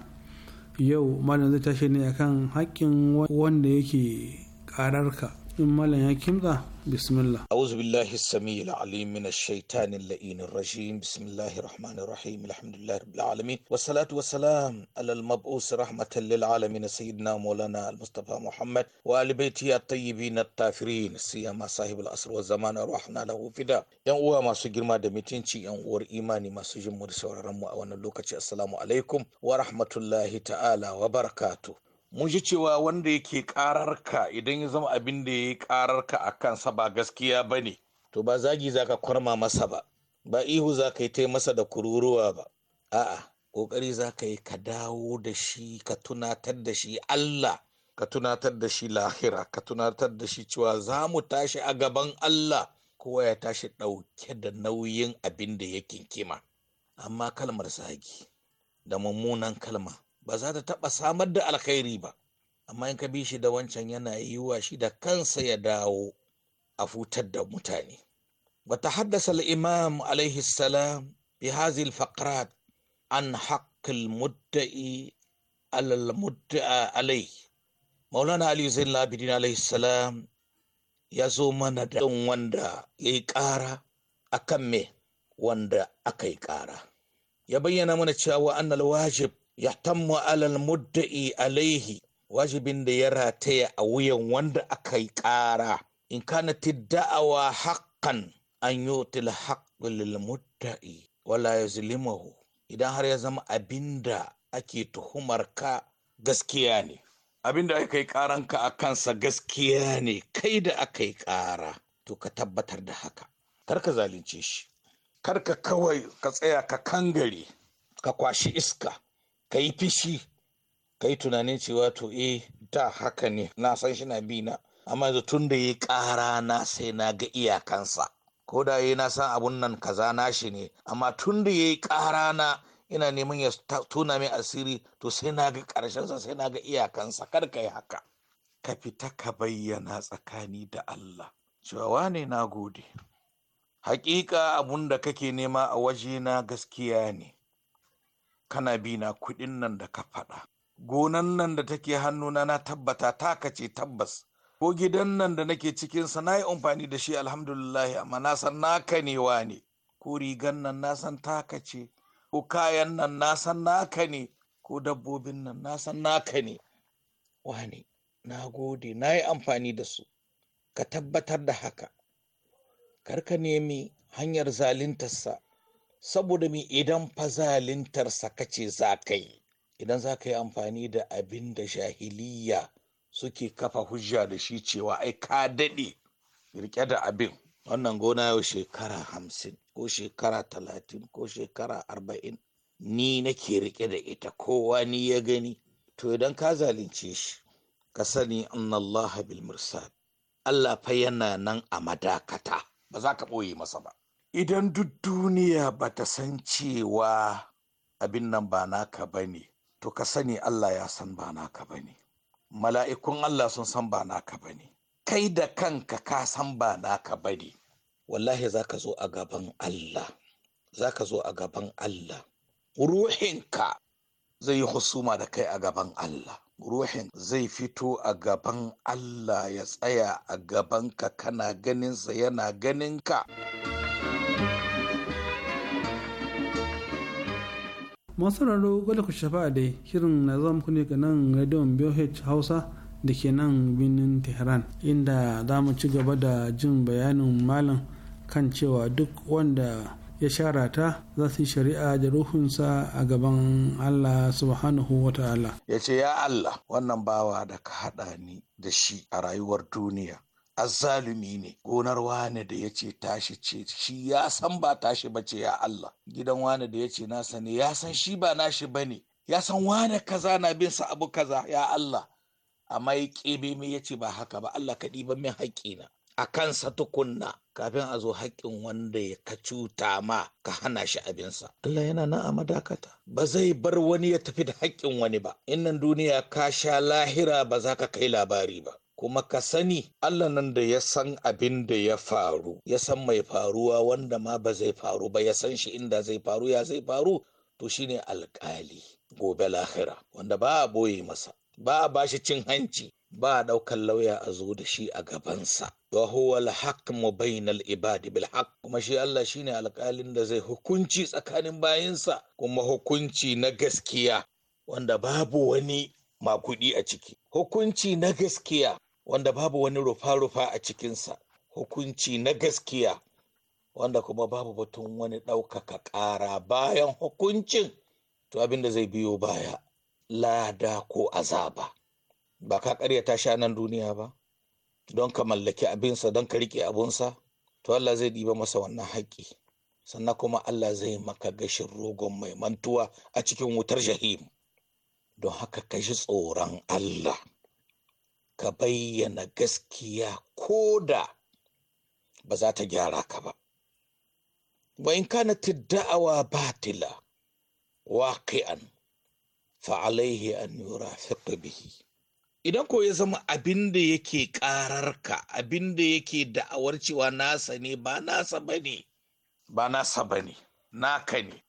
Speaker 9: yau malam zai tashi ne akan haƙƙin wanda yake ƙararka in malam ya kimtsa bismillah
Speaker 6: a'udhu billahi samil alim min ash-shaytanir la'inir rajim bismillahir rahmanir rahim alhamdulillahi rabbil alamin wassalatu wassalam ala al-mab'us rahmatan lil alamin sayyidina maulana al-mustafa muhammad wa ali baiti at-tayyibin at-tafirin siyama sahib al-asr wa zaman arwahna lahu fida yan uwa masu girma da mutunci yan uwar imani masu jin mu da sauraron mu a wannan lokaci assalamu alaikum wa rahmatullahi ta'ala wa barakatuh mun ji cewa wanda yake ka idan ya zama abin da ya kararka a kansa ba gaskiya ba ne to ba zagi za ka kwarma masa ba ba ihu za ka yi ta masa da kururuwa ba a'a ƙoƙari za ka yi ka dawo da shi ka tunatar da shi allah ka tunatar da shi lahira ka tunatar da shi cewa za mu tashi a gaban allah kowa ya tashi ɗauke da nauyin abin da ya kinkima amma kalmar zagi da mummunan kalma ba za ta taɓa samar da alkhairi ba amma in ka bi shi da wancan yana yiwa shi da kansa ya dawo a futar da mutane wata haddasa al'imam alaihi salam bi hazil faqrat an haƙƙil mudda'i alal mudda'a alai maulana ali zain labidin alaihi salam ya zo mana da wanda ya yi ƙara a kan me wanda aka yi ƙara ya bayyana mana cewa annal wajib Ya tamma alal mudda'i alaihi wajibin da ya rataya a wuyan wanda aka yi ƙara in kana tidda'awa haƙƙan an yi haqqu lil mudda'i wala zulimahu idan har ya zama abinda ake tuhumar ka gaskiya ne abinda aka yi ƙaranka a kansa gaskiya ne kai da aka yi ƙara to ka tabbatar da haka kar ka zalunce shi kar ka kawai ka tsaya ka kangare ka kwashi iska ka yi fishi ka yi tunanin cewa to eh da haka ne na san shi na bi na amma yanzu tun da ya ƙara na sai na ga iyakansa ko da ya eh, na san abun nan kaza na shi ne amma tun da ya yi ƙara na ina neman ya tuna min asiri to sai na ga ƙarshensa sai na ga iyakansa kar ka yi haka ka fita ka bayyana tsakani da Allah cewa ne na gode hakika abun da kake nema a waje na gaskiya ne kana bi na kuɗin nan da ka faɗa gonan nan da take hannuna na tabbata taka ce tabbas ko gidan nan da nake cikinsa na yi amfani da shi alhamdulillah amma na san naka ne ne ko rigan nan na san taka ce ko kayan nan na san naka ne ko dabbobin nan na san naka ne Wani na gode na yi amfani da su ka tabbatar da haka Kar ka nemi hanyar zaluntarsa. saboda me idan fazalintarsa kace za ka yi idan za ka yi amfani da abin da jahiliya suke kafa hujja da shi cewa ai ka daɗe rike da abin wannan gona yau shekara hamsin ko shekara talatin ko shekara arba'in ni nake rike da ita kowa ni ya gani to idan ka zalunce shi ka sani annallaha bil mursal Allah fa yana nan a madakata ba za ka ɓoye masa ba idan duk duniya ba ta san cewa abin nan ba naka ba ne to ka sani allah ya san ba naka ba ne mala'ikun allah sun san ba naka ba ne kai da kanka ka san ba naka ba ne wallahi za ka zo a gaban allah za ka zo a gaban allah ruhinka zai yi husuma da kai a gaban allah ruhin zai fito a gaban allah ya tsaya a gabanka kana ganinsa yana ganinka. ka
Speaker 9: masu raro gwada ku shafa dai shirin na zama ku ga nan radion BOH Hausa da ke nan birnin Tehran inda za mu ci gaba da jin bayanin malam kan cewa duk wanda ya shara ta za su yi shari'a da ruhunsa a gaban Allah subhanahu wa ta'ala.
Speaker 6: Ya ce, Ya Allah, wannan bawa da ka haɗa ni da shi a rayuwar duniya, azzalumi ne gonar wane da ya ce tashi ce shi ya san ba tashi ba ce ya Allah gidan wane da ya ce nasa ne ya san shi ba nashi ba ne ya san wane kaza na bin sa abu kaza ya Allah amma ya kebe mai ya ce ba haka ba Allah ka ɗiba min na. a kan sa tukunna kafin a zo haƙƙin wanda ya ka cuta ma ka hana shi abinsa. Allah yana nan a madakata ba zai bar wani ya tafi da haƙƙin wani ba in nan duniya ka sha lahira ba za ka kai labari ba. kuma ka sani Allah nan da ya san abin da ya faru ya san mai faruwa wanda ma ba zai faru ba ya san shi inda zai faru ya zai faru to shine alkali gobe lahira wanda ba a boye masa ba a bashi cin hanci ba a ɗaukan lauya a zo da shi a gabansa wa huwa alhaq hakmu bainal ibadi bil kuma shi Allah shine alkalin da zai hukunci tsakanin bayinsa kuma hukunci na gaskiya wanda babu wani makudi a ciki hukunci na gaskiya wanda babu wani rufa-rufa a cikinsa hukunci na gaskiya wanda kuma babu batun wani ɗaukaka ƙara bayan hukuncin to abin da zai biyo baya lada ko azaba ba ka ta sha nan duniya ba don ka mallaki abinsa don ka riƙe abunsa to Allah zai ɗiba masa wannan haƙƙi sannan kuma Allah zai maka gashin rogon mai mantuwa a cikin wutar jahim don haka ka ji tsoron Allah ka bayyana gaskiya ko da ba za ta gyara ka ba wa in kana tidda'awa batila waqi'an fa fa'alaihe an yurafiq bihi idan ko ya zama abin da yake ƙararka abin da yake da'awar cewa nasa ne ba nasa ba ne. ba nasa ba ne. naka ne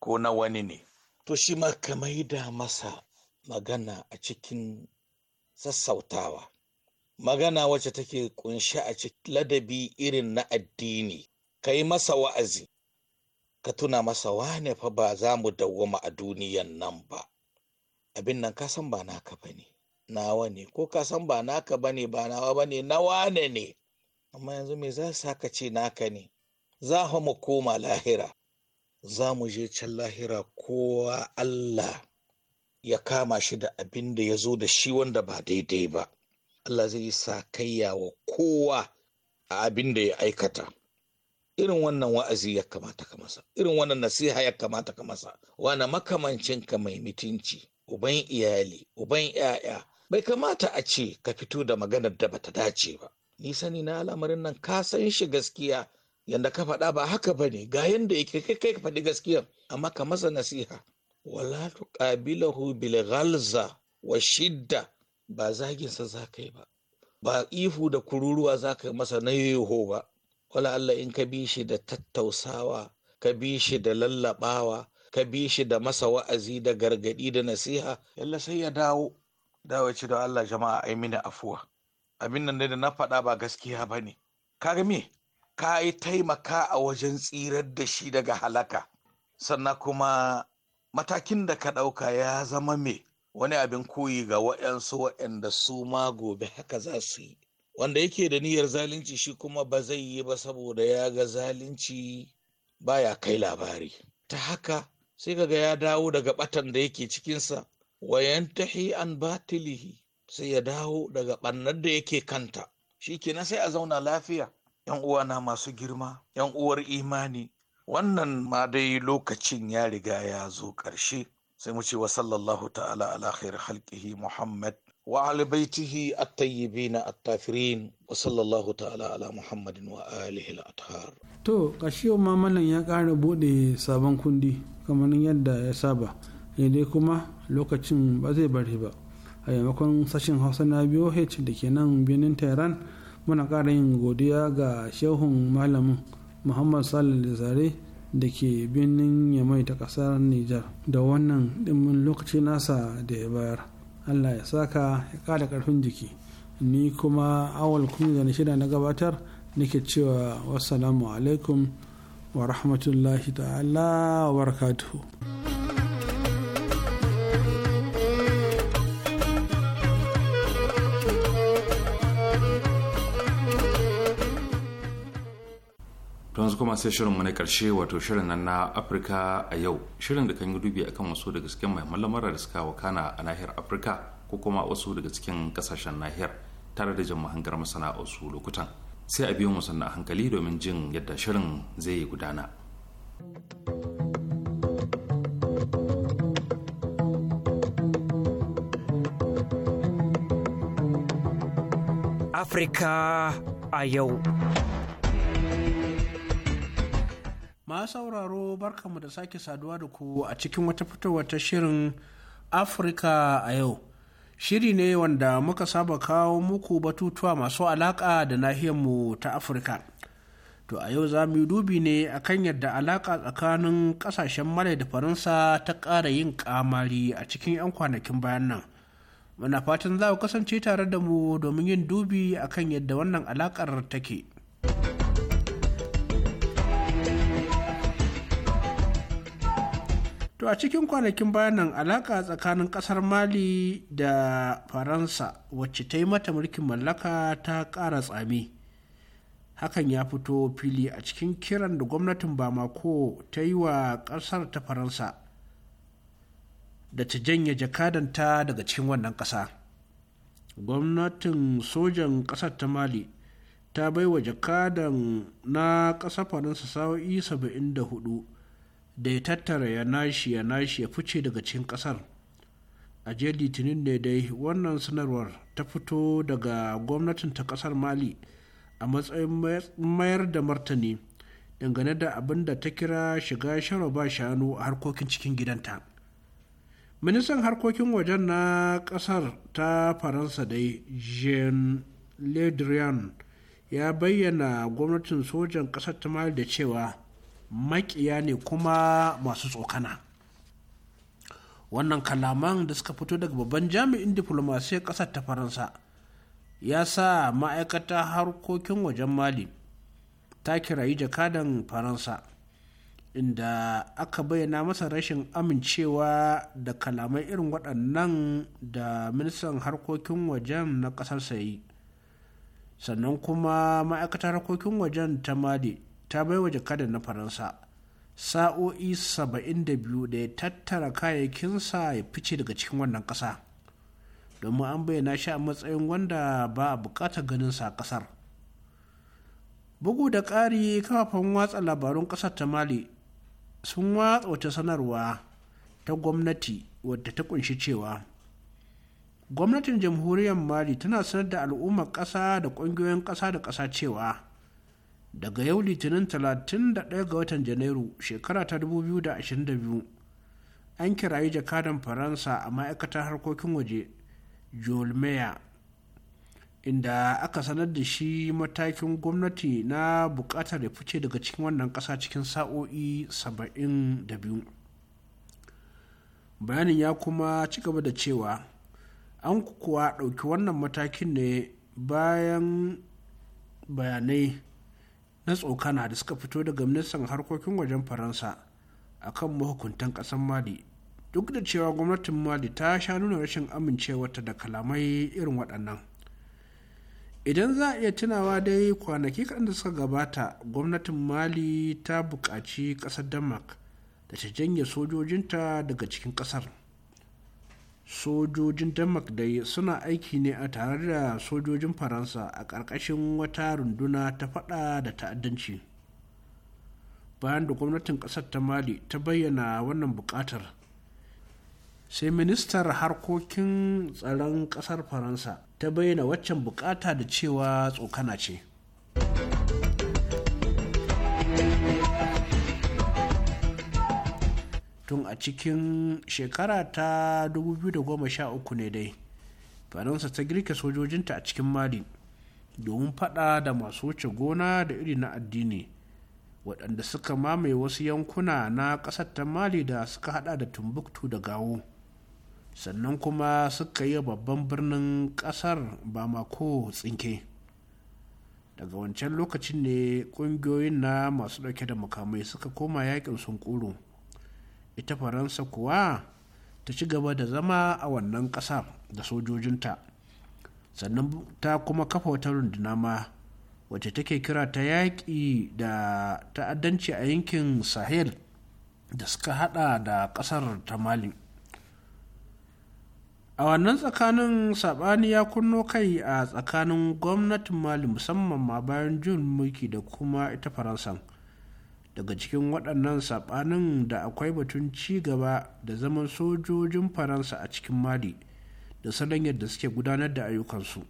Speaker 6: ko na wani ne to shi ma ka maida masa magana a cikin sassautawa magana wacce take kunshi a ci ladabi irin na addini ka yi masa wa'azi ka tuna masa wane fa ba za mu dawwama a duniyan nan ba abin nan ka san ba naka ba ne nawa ne ko ka san ba naka ba ne ba nawa ba ne na wane ne amma yanzu me za sa ka ce naka ne za mu koma lahira za mu je can lahira kowa Allah ya kama shi da abin da ya zo da shi wanda ba daidai ba Allah zai sa kayya wa kowa a abin da ya aikata irin wannan wa'azi ya kamata ka masa irin wannan nasiha ya kamata ka masa wani makamancinka mai mutunci uban iyali uban 'ya'ya bai kamata a ce ka fito da maganar da bata dace ba ni sani na al'amarin nan ka san shi gaskiya yanda ka faɗa ba haka ba ne ga yanda yake kai kai ka faɗi gaskiya amma ka masa nasiha wala tuqabilahu bil ghalza wa shidda ba zaginsa za ka yi ba ba ihu da kururuwa za ka yi masa na yeho ba wala Allah in ka bi shi da tattausawa ka bi shi da lallaɓawa. ka bi shi da masa wa'azi da gargadi da nasiha yalla sai ya dawo dawo ci da Allah jama'a ai mini afuwa abin nan da na faɗa ba gaskiya ba ne kaga me ka yi taimaka a wajen tsirar da shi daga halaka sannan kuma matakin da ka ɗauka ya zama me wani abin koyi ga waɗansu waɗanda su ma gobe haka za su yi wanda yake da niyyar zalunci shi kuma ba zai yi ba saboda ya ga zalunci baya kai labari ta haka sai kaga ya dawo daga batan da yake cikinsa wayan tahi an batilihi sai ya dawo daga ɓannar da yake kanta shi kenan sai a zauna lafiya yan uwana masu girma yan uwar imani wannan ma dai lokacin ya riga ya zo ƙarshe sai mu ce wa sallallahu ta'ala ala khair halqihi muhammad wa ali baitihi at-tayyibin at-tafirin wa sallallahu ta'ala ala muhammadin wa alihi al-athar
Speaker 9: to kashi ma mallan ya ƙara bude sabon kundi kamar yadda ya saba dai kuma lokacin ba zai bari ba a yamakon sashen hausa na boh da ke nan birnin tehran muna ƙara yin godiya ga shehun malamin muhammad salih da zare da ke birnin yamai ta kasar nijar da wannan dimin lokaci nasa da ya bayar allah ya saka ya kada karfin jiki ni kuma awal kuma da na shida na gabatar nake cewa wassalamu alaikum wa rahmatullahi ta'ala wa barakatuhu
Speaker 1: yanzu kuma sai shirinmu na karshe wato shirin nan na afirka a yau shirin da kan yi dubi akan wasu daga cikin mahimman lamura da suka wakana a nahiyar afirka ko kuma wasu daga cikin kasashen nahiyar tare da jin mahangar masana a lokutan sai a biyo mu sannan hankali domin jin yadda shirin zai gudana.
Speaker 2: Afirka a yau.
Speaker 3: ma sauraro barkamu da sake saduwa da ku a cikin wata fitowar ta shirin afirka a yau shiri ne wanda muka saba kawo muku batutuwa masu alaƙa da nahiyarmu ta afirka to a yau za mu yi dubi ne akan yadda alaƙa tsakanin ƙasashen malai da faransa ta ƙara yin ƙamari a cikin 'yan kwanakin bayan nan muna fatan za ku kasance tare da mu domin yin dubi akan yadda wannan alaƙar take. to a cikin kwanakin bayanan alaka tsakanin kasar mali da faransa wacce ta yi mata mulkin mallaka ta ƙara tsami hakan ya fito fili a cikin kiran da gwamnatin bamako ta yi wa ƙasar ta faransa da ta janye jakadanta daga cikin wannan ƙasa gwamnatin sojan ƙasar ta mali ta baiwa jakadan na ƙasar faransa sa'o'i 74 da ya tattara ya nashi ya nashi ya fice daga cikin kasar a jiya litinin ne dai wannan sanarwar ta fito daga gwamnatin ta kasar mali a matsayin mayar da martani dangane da abin da ta kira shiga sharo ba shanu a harkokin cikin gidanta ministan harkokin wajen na kasar ta faransa dai jean ledrian ya bayyana gwamnatin sojan kasar ta mali da cewa maƙiya ne kuma masu tsokana wannan kalaman da suka fito daga babban jami'in diflomasiyyar ƙasar ta faransa ya sa ma'aikata harkokin wajen mali ta kirayi jakadan faransa inda aka bayyana masa rashin amincewa da kalamai irin waɗannan da ministan harkokin wajen na ƙasar sayi sannan kuma ma'aikatar harkokin wajen ta mali ta baiwa jakadan na faransa sa'o'i 72 da ya tattara kayayyakinsa ya fice daga cikin wannan ƙasa domin an bayyana shi a matsayin wanda ba a buƙatar ganinsa a ƙasar bugu da ƙari kafafen watsa labarun ƙasar ta mali sun watsa wata sanarwa ta gwamnati wadda ta kunshi cewa gwamnatin jamhuriyar mali tana sanar da al'ummar ƙasa da ƙungiyoyin ƙasa da ƙasa cewa daga yau litinin 31 ga watan janairu shekara ta 2022 an kirayi jakadan faransa a ma'aikatar harkokin waje joel inda aka sanar da shi matakin gwamnati na bukatar ya fice daga cikin wannan kasa cikin sa'o'i 72 bayanin ya kuma ci gaba da cewa an kuwa ɗauki wannan matakin ne bayan bayanai na tsokana da suka fito daga ministan harkokin wajen faransa a kan mahukuntan ƙasar mali duk da cewa gwamnatin mali ta sha nuna rashin amincewarta da kalamai irin waɗannan idan za a iya tunawa dai kwanaki kaɗan da suka gabata gwamnatin mali ta buƙaci ƙasar denmark da ta janye sojojinta daga cikin ƙasar sojojin denmark dai suna aiki ne a tare da sojojin faransa a ƙarƙashin wata runduna ta faɗa da ta'addanci bayan da gwamnatin ƙasar ta mali ta bayyana wannan buƙatar sai ministar harkokin tsaron ƙasar faransa ta bayyana waccan buƙata da cewa tsokana ce tun a cikin shekara ta 2013 ne dai faransa ta girke sojojinta a cikin mali domin fada da masu wuce gona da iri na addini waɗanda suka mamaye wasu yankuna na ƙasar ta mali da suka hada da tumbuktu da gawo sannan kuma suka yi babban birnin ƙasar ko tsinke daga wancan lokacin ne ƙungiyoyin na masu ɗauke da makamai suka koma yakin sunkuru ita faransa kuwa ta ci gaba da zama a wannan ƙasa da sojojinta sannan ta kuma kafa wata rundunama ma wacce take kira ta yaƙi da ta'addanci a yankin sahel da suka hada da ƙasar ta mali a wannan tsakanin saɓani ya kunno kai a tsakanin gwamnatin mali musamman ma bayan jin mulki da kuma ita faransan daga cikin waɗannan saɓanin da akwai batun ci gaba da zaman sojojin faransa a cikin mali da salon yadda suke gudanar da ayyukansu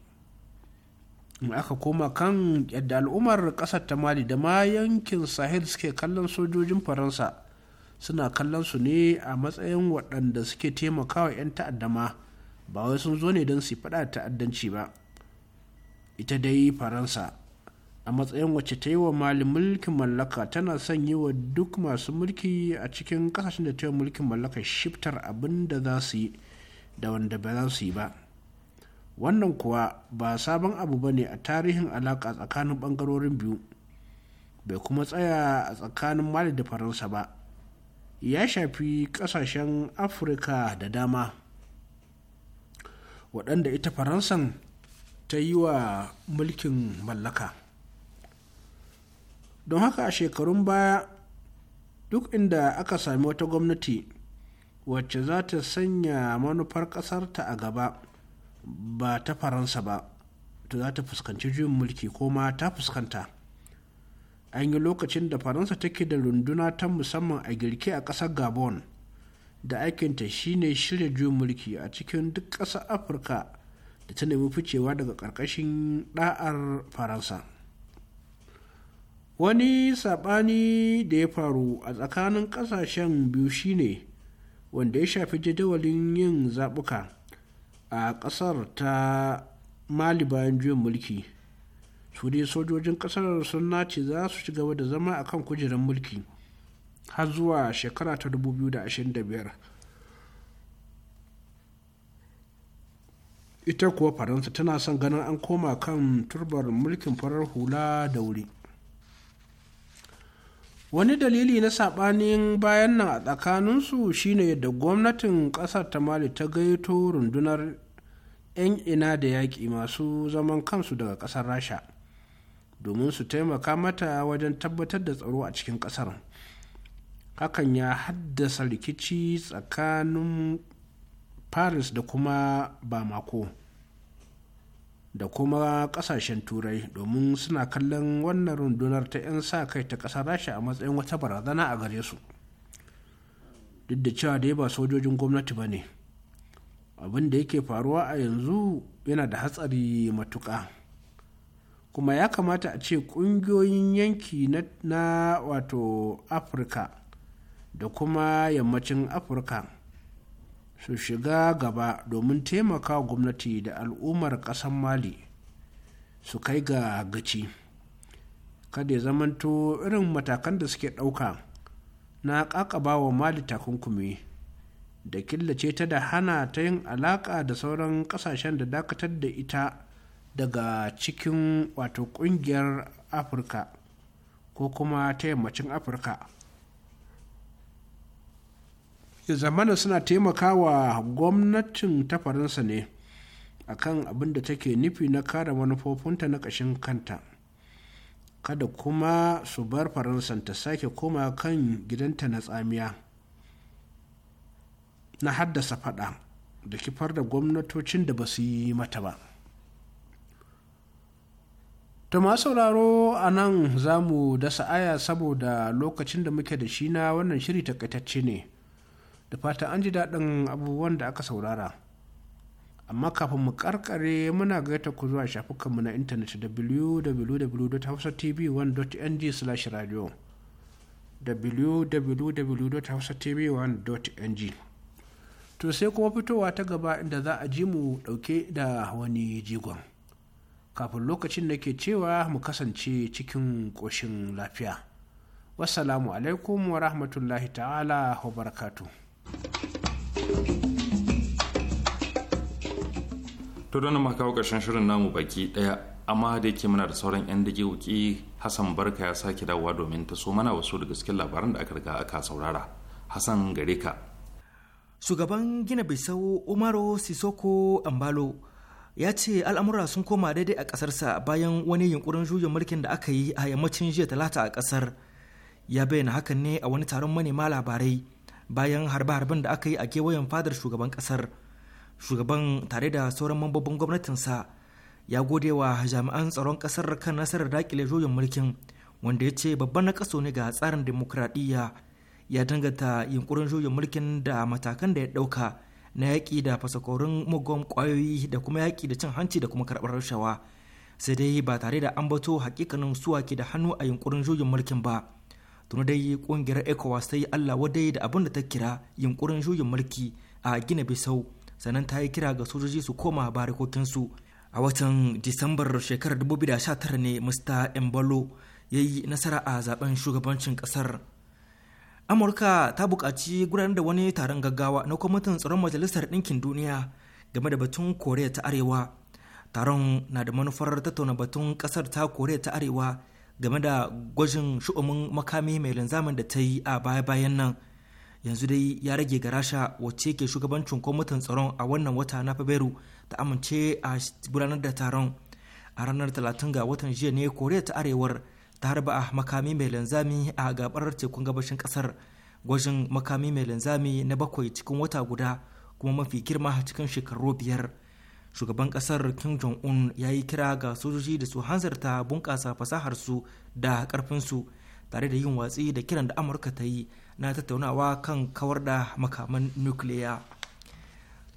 Speaker 3: in aka koma kan yadda al'ummar ƙasar ta mali da ma yankin sahel suke kallon sojojin faransa suna kallon su ne a matsayin waɗanda suke taimakawa 'yan ta'addama ba wai sun zo ne don su faɗa ta'addanci ba ita dai faransa a matsayin wacce ta yi wa mali mulkin mallaka tana son yi wa duk masu mulki a cikin kasashen da ta yi mulkin mallaka shiftar abin da za su yi da wanda ba za su yi ba wannan kuwa ba sabon abu ba ne a tarihin alaƙa tsakanin ɓangarorin biyu bai kuma tsaya a tsakanin mali da faransa ba ya shafi ƙasashen afirka da dama waɗanda ita faransan ta yi wa mulkin mallaka don haka a shekarun baya duk inda aka sami wata gwamnati wacce za ta sanya manufar ƙasarta a gaba ba ta faransa ba to za ta fuskanci juyin mulki ko ma ta fuskanta an yi lokacin da faransa take da runduna ta musamman a girke a ƙasar gabon da aikinta shine shirya juyin mulki a cikin duk ƙasar afirka da ta nemi ficewa daga ƙarƙashin ɗa'ar faransa wani saɓani da ya faru a tsakanin ƙasashen biyu shine wanda ya shafi jadawalin yin zaɓuka a ƙasar ta mali bayan juyin mulki su dai sojojin ƙasar sun nace za su ci gaba da zama a kan kujerar mulki har zuwa shekara ta 2025 ita kuwa faransa tana son ganin an koma kan turbar mulkin farar hula da wuri wani dalili na sabanin bayan nan a tsakaninsu shine da gwamnatin kasar ta mali ta gaito rundunar 'yan ina da yaƙi masu zaman kansu daga kasar rasha domin su taimaka mata wajen tabbatar da tsaro a cikin kasar hakan ya haddasa rikici tsakanin paris da kuma bamako da kuma kasashen turai domin suna kallon wannan rundunar ta 'yan sa kai ta ƙasar rasha a matsayin wata barazana a gare su duk da cewa dai ba sojojin gwamnati ba ne abin da yake faruwa a yanzu yana da hatsari matuƙa kuma ya kamata a ce ƙungiyoyin yanki na wato afirka da kuma yammacin afirka su shiga gaba domin taimaka gwamnati da al'ummar ƙasar mali su kai ga gaci kada ya zamanto irin matakan da suke ɗauka na ƙaƙaba wa mali takunkumi da killace ta da hana ta yin alaƙa da sauran ƙasashen da dakatar da ita daga cikin wato ƙungiyar afirka ko kuma ta yammacin afirka ya zamana suna taimakawa gwamnatin ta faransa ne akan abin da take nufi na kare manufofinta na ƙashin kanta kada kuma su bar faransan ta sake koma kan gidanta na tsamiya na haddasa fada da kifar da gwamnatocin da ba su yi mata ba ta masu sauraro a nan za mu dasa aya saboda lokacin da muke da shi na wannan shiri takaitacce ne da fata an ji daɗin abubuwan da aka saurara amma kafin mu karkare muna gaita ku zuwa shafukanmu na intanet www.hausatv1.ng/radio www.hausatv1.ng to sai kuma fitowa ta gaba inda za a ji mu ɗauke da wani jigon kafin lokacin da ke cewa mu kasance cikin ƙoshin lafiya wassalamu alaikum wa rahmatullahi ta'ala wa barakatuh
Speaker 1: to don mu kawo ƙarshen shirin namu baki ɗaya amma da yake muna da sauran 'yan dage wuki hassan barka ya sake dawowa domin ta so mana wasu daga cikin labaran da aka riga aka saurara hassan gare ka
Speaker 2: shugaban gina bisau umaru sisoko ambalo ya ce al'amura sun koma daidai a ƙasarsa bayan wani yunkurin juyin mulkin da aka yi a yammacin jiya talata a ƙasar ya bayyana hakan ne a wani taron manema labarai bayan harbe-harben da aka yi a kewayen fadar shugaban kasar shugaban tare da sauran mambobin gwamnatinsa ya gode wa jami'an tsaron kasar kan nasarar dakile juyin mulkin wanda ya ce babban nakaso ne ga tsarin demokradiyya ya danganta yunkurin juyin mulkin da matakan da ya ɗauka na yaƙi da fasakorin mugun ƙwayoyi da kuma yaƙi da cin hanci da kuma karɓar rashawa sai dai ba tare da ambato hakikanin suwa ke da hannu a yunkurin juyin mulkin ba tuni dai kungiyar ecowas ta yi allah wadai da abin da ta kira yunkurin juyin mulki a gina bisau sannan ta yi kira ga sojoji su koma barikokinsu a watan disambar shekarar 2019 ne mr embalo ya yi nasara a zaben shugabancin kasar amurka ta buƙaci gudanar da wani taron gaggawa na kwamitin tsaron majalisar ɗinkin duniya game da batun koriya ta arewa taron na da manufar tattauna batun ƙasar ta koriya ta arewa game da gwajin shu'umin makami mai linzamin da ta yi a baya-bayan nan yanzu dai ya rage ga rasha wacce ke shugabancin kwamitin tsaron a wannan wata na fabairu ta amince a gudanar da taron a ranar 30 ga watan jiya ne koriya ta arewar ta harba a makami mai linzami a gabar tekun gabashin kasar gwajin makami mai linzami na bakwai cikin wata guda kuma mafi girma cikin shekaru biyar shugaban kasar kim jong-un ya yi kira ga sojoji da su hanzarta bunƙasa fasaharsu da ƙarfinsu tare da yin watsi da kiran da amurka ta yi na tattaunawa kan kawar da makaman nukiliya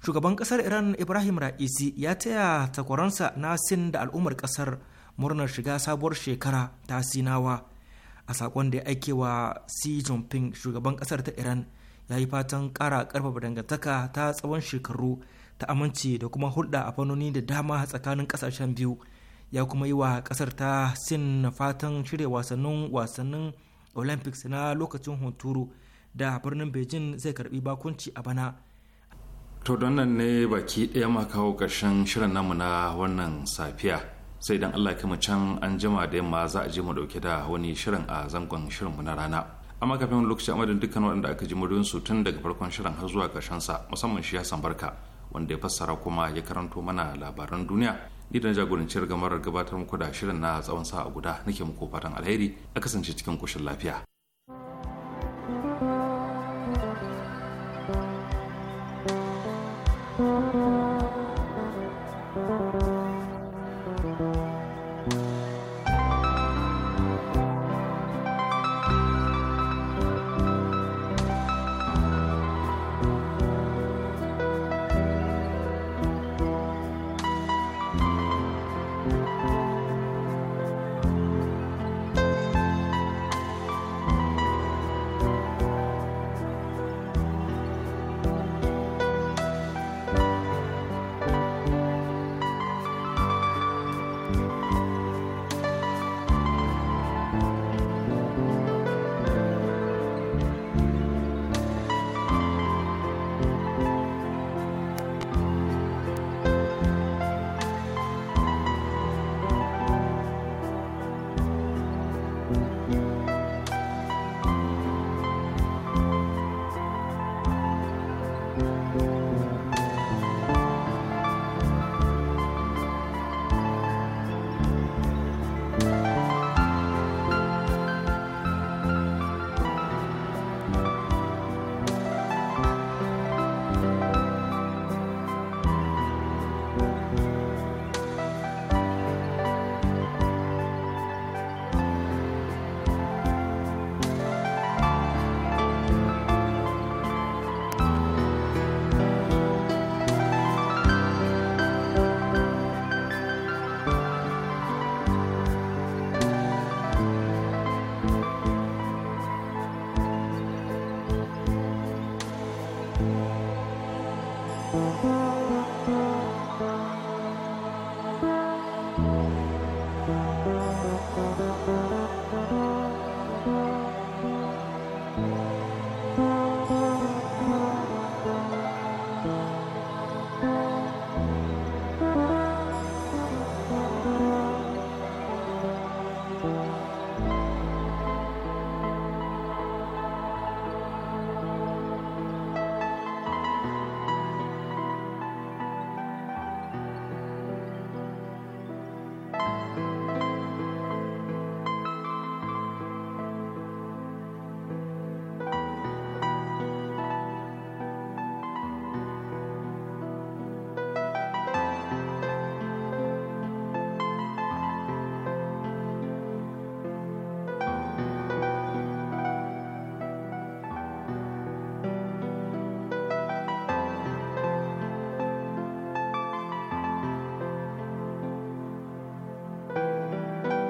Speaker 2: shugaban kasar iran ibrahim ra'isi ya taya takwaransa na sin da al'ummar kasar murnar shiga sabuwar shekara ta sinawa a sakon da ya aike wa xi jinping shugaban kasar ta iran ya yi fatan kara karfafa dangantaka ta tsawon shekaru ta amince da kuma hulɗa a fannoni da dama tsakanin ƙasashen biyu ya kuma yi wa ƙasar ta sin fatan shirya wasannin wasannin olympics na lokacin hunturu da birnin beijing zai karbi bakunci a bana
Speaker 1: to don nan ne baki ɗaya ma kawo ƙarshen shirin namu na wannan safiya sai dan allah kama can an jima da yamma za a je mu ɗauke da wani shirin a zangon shirinmu na rana amma kafin lokaci amadin dukkan waɗanda aka ji muryinsu tun daga farkon shirin har zuwa ƙarshen sa musamman shi ya barka wanda ya fassara kuma ya karanto mana labaran duniya ni da jagorancin gamar gabatar muku da shirin na tsawon sa'a guda nake muku fatan alheri a kasance cikin koshin lafiya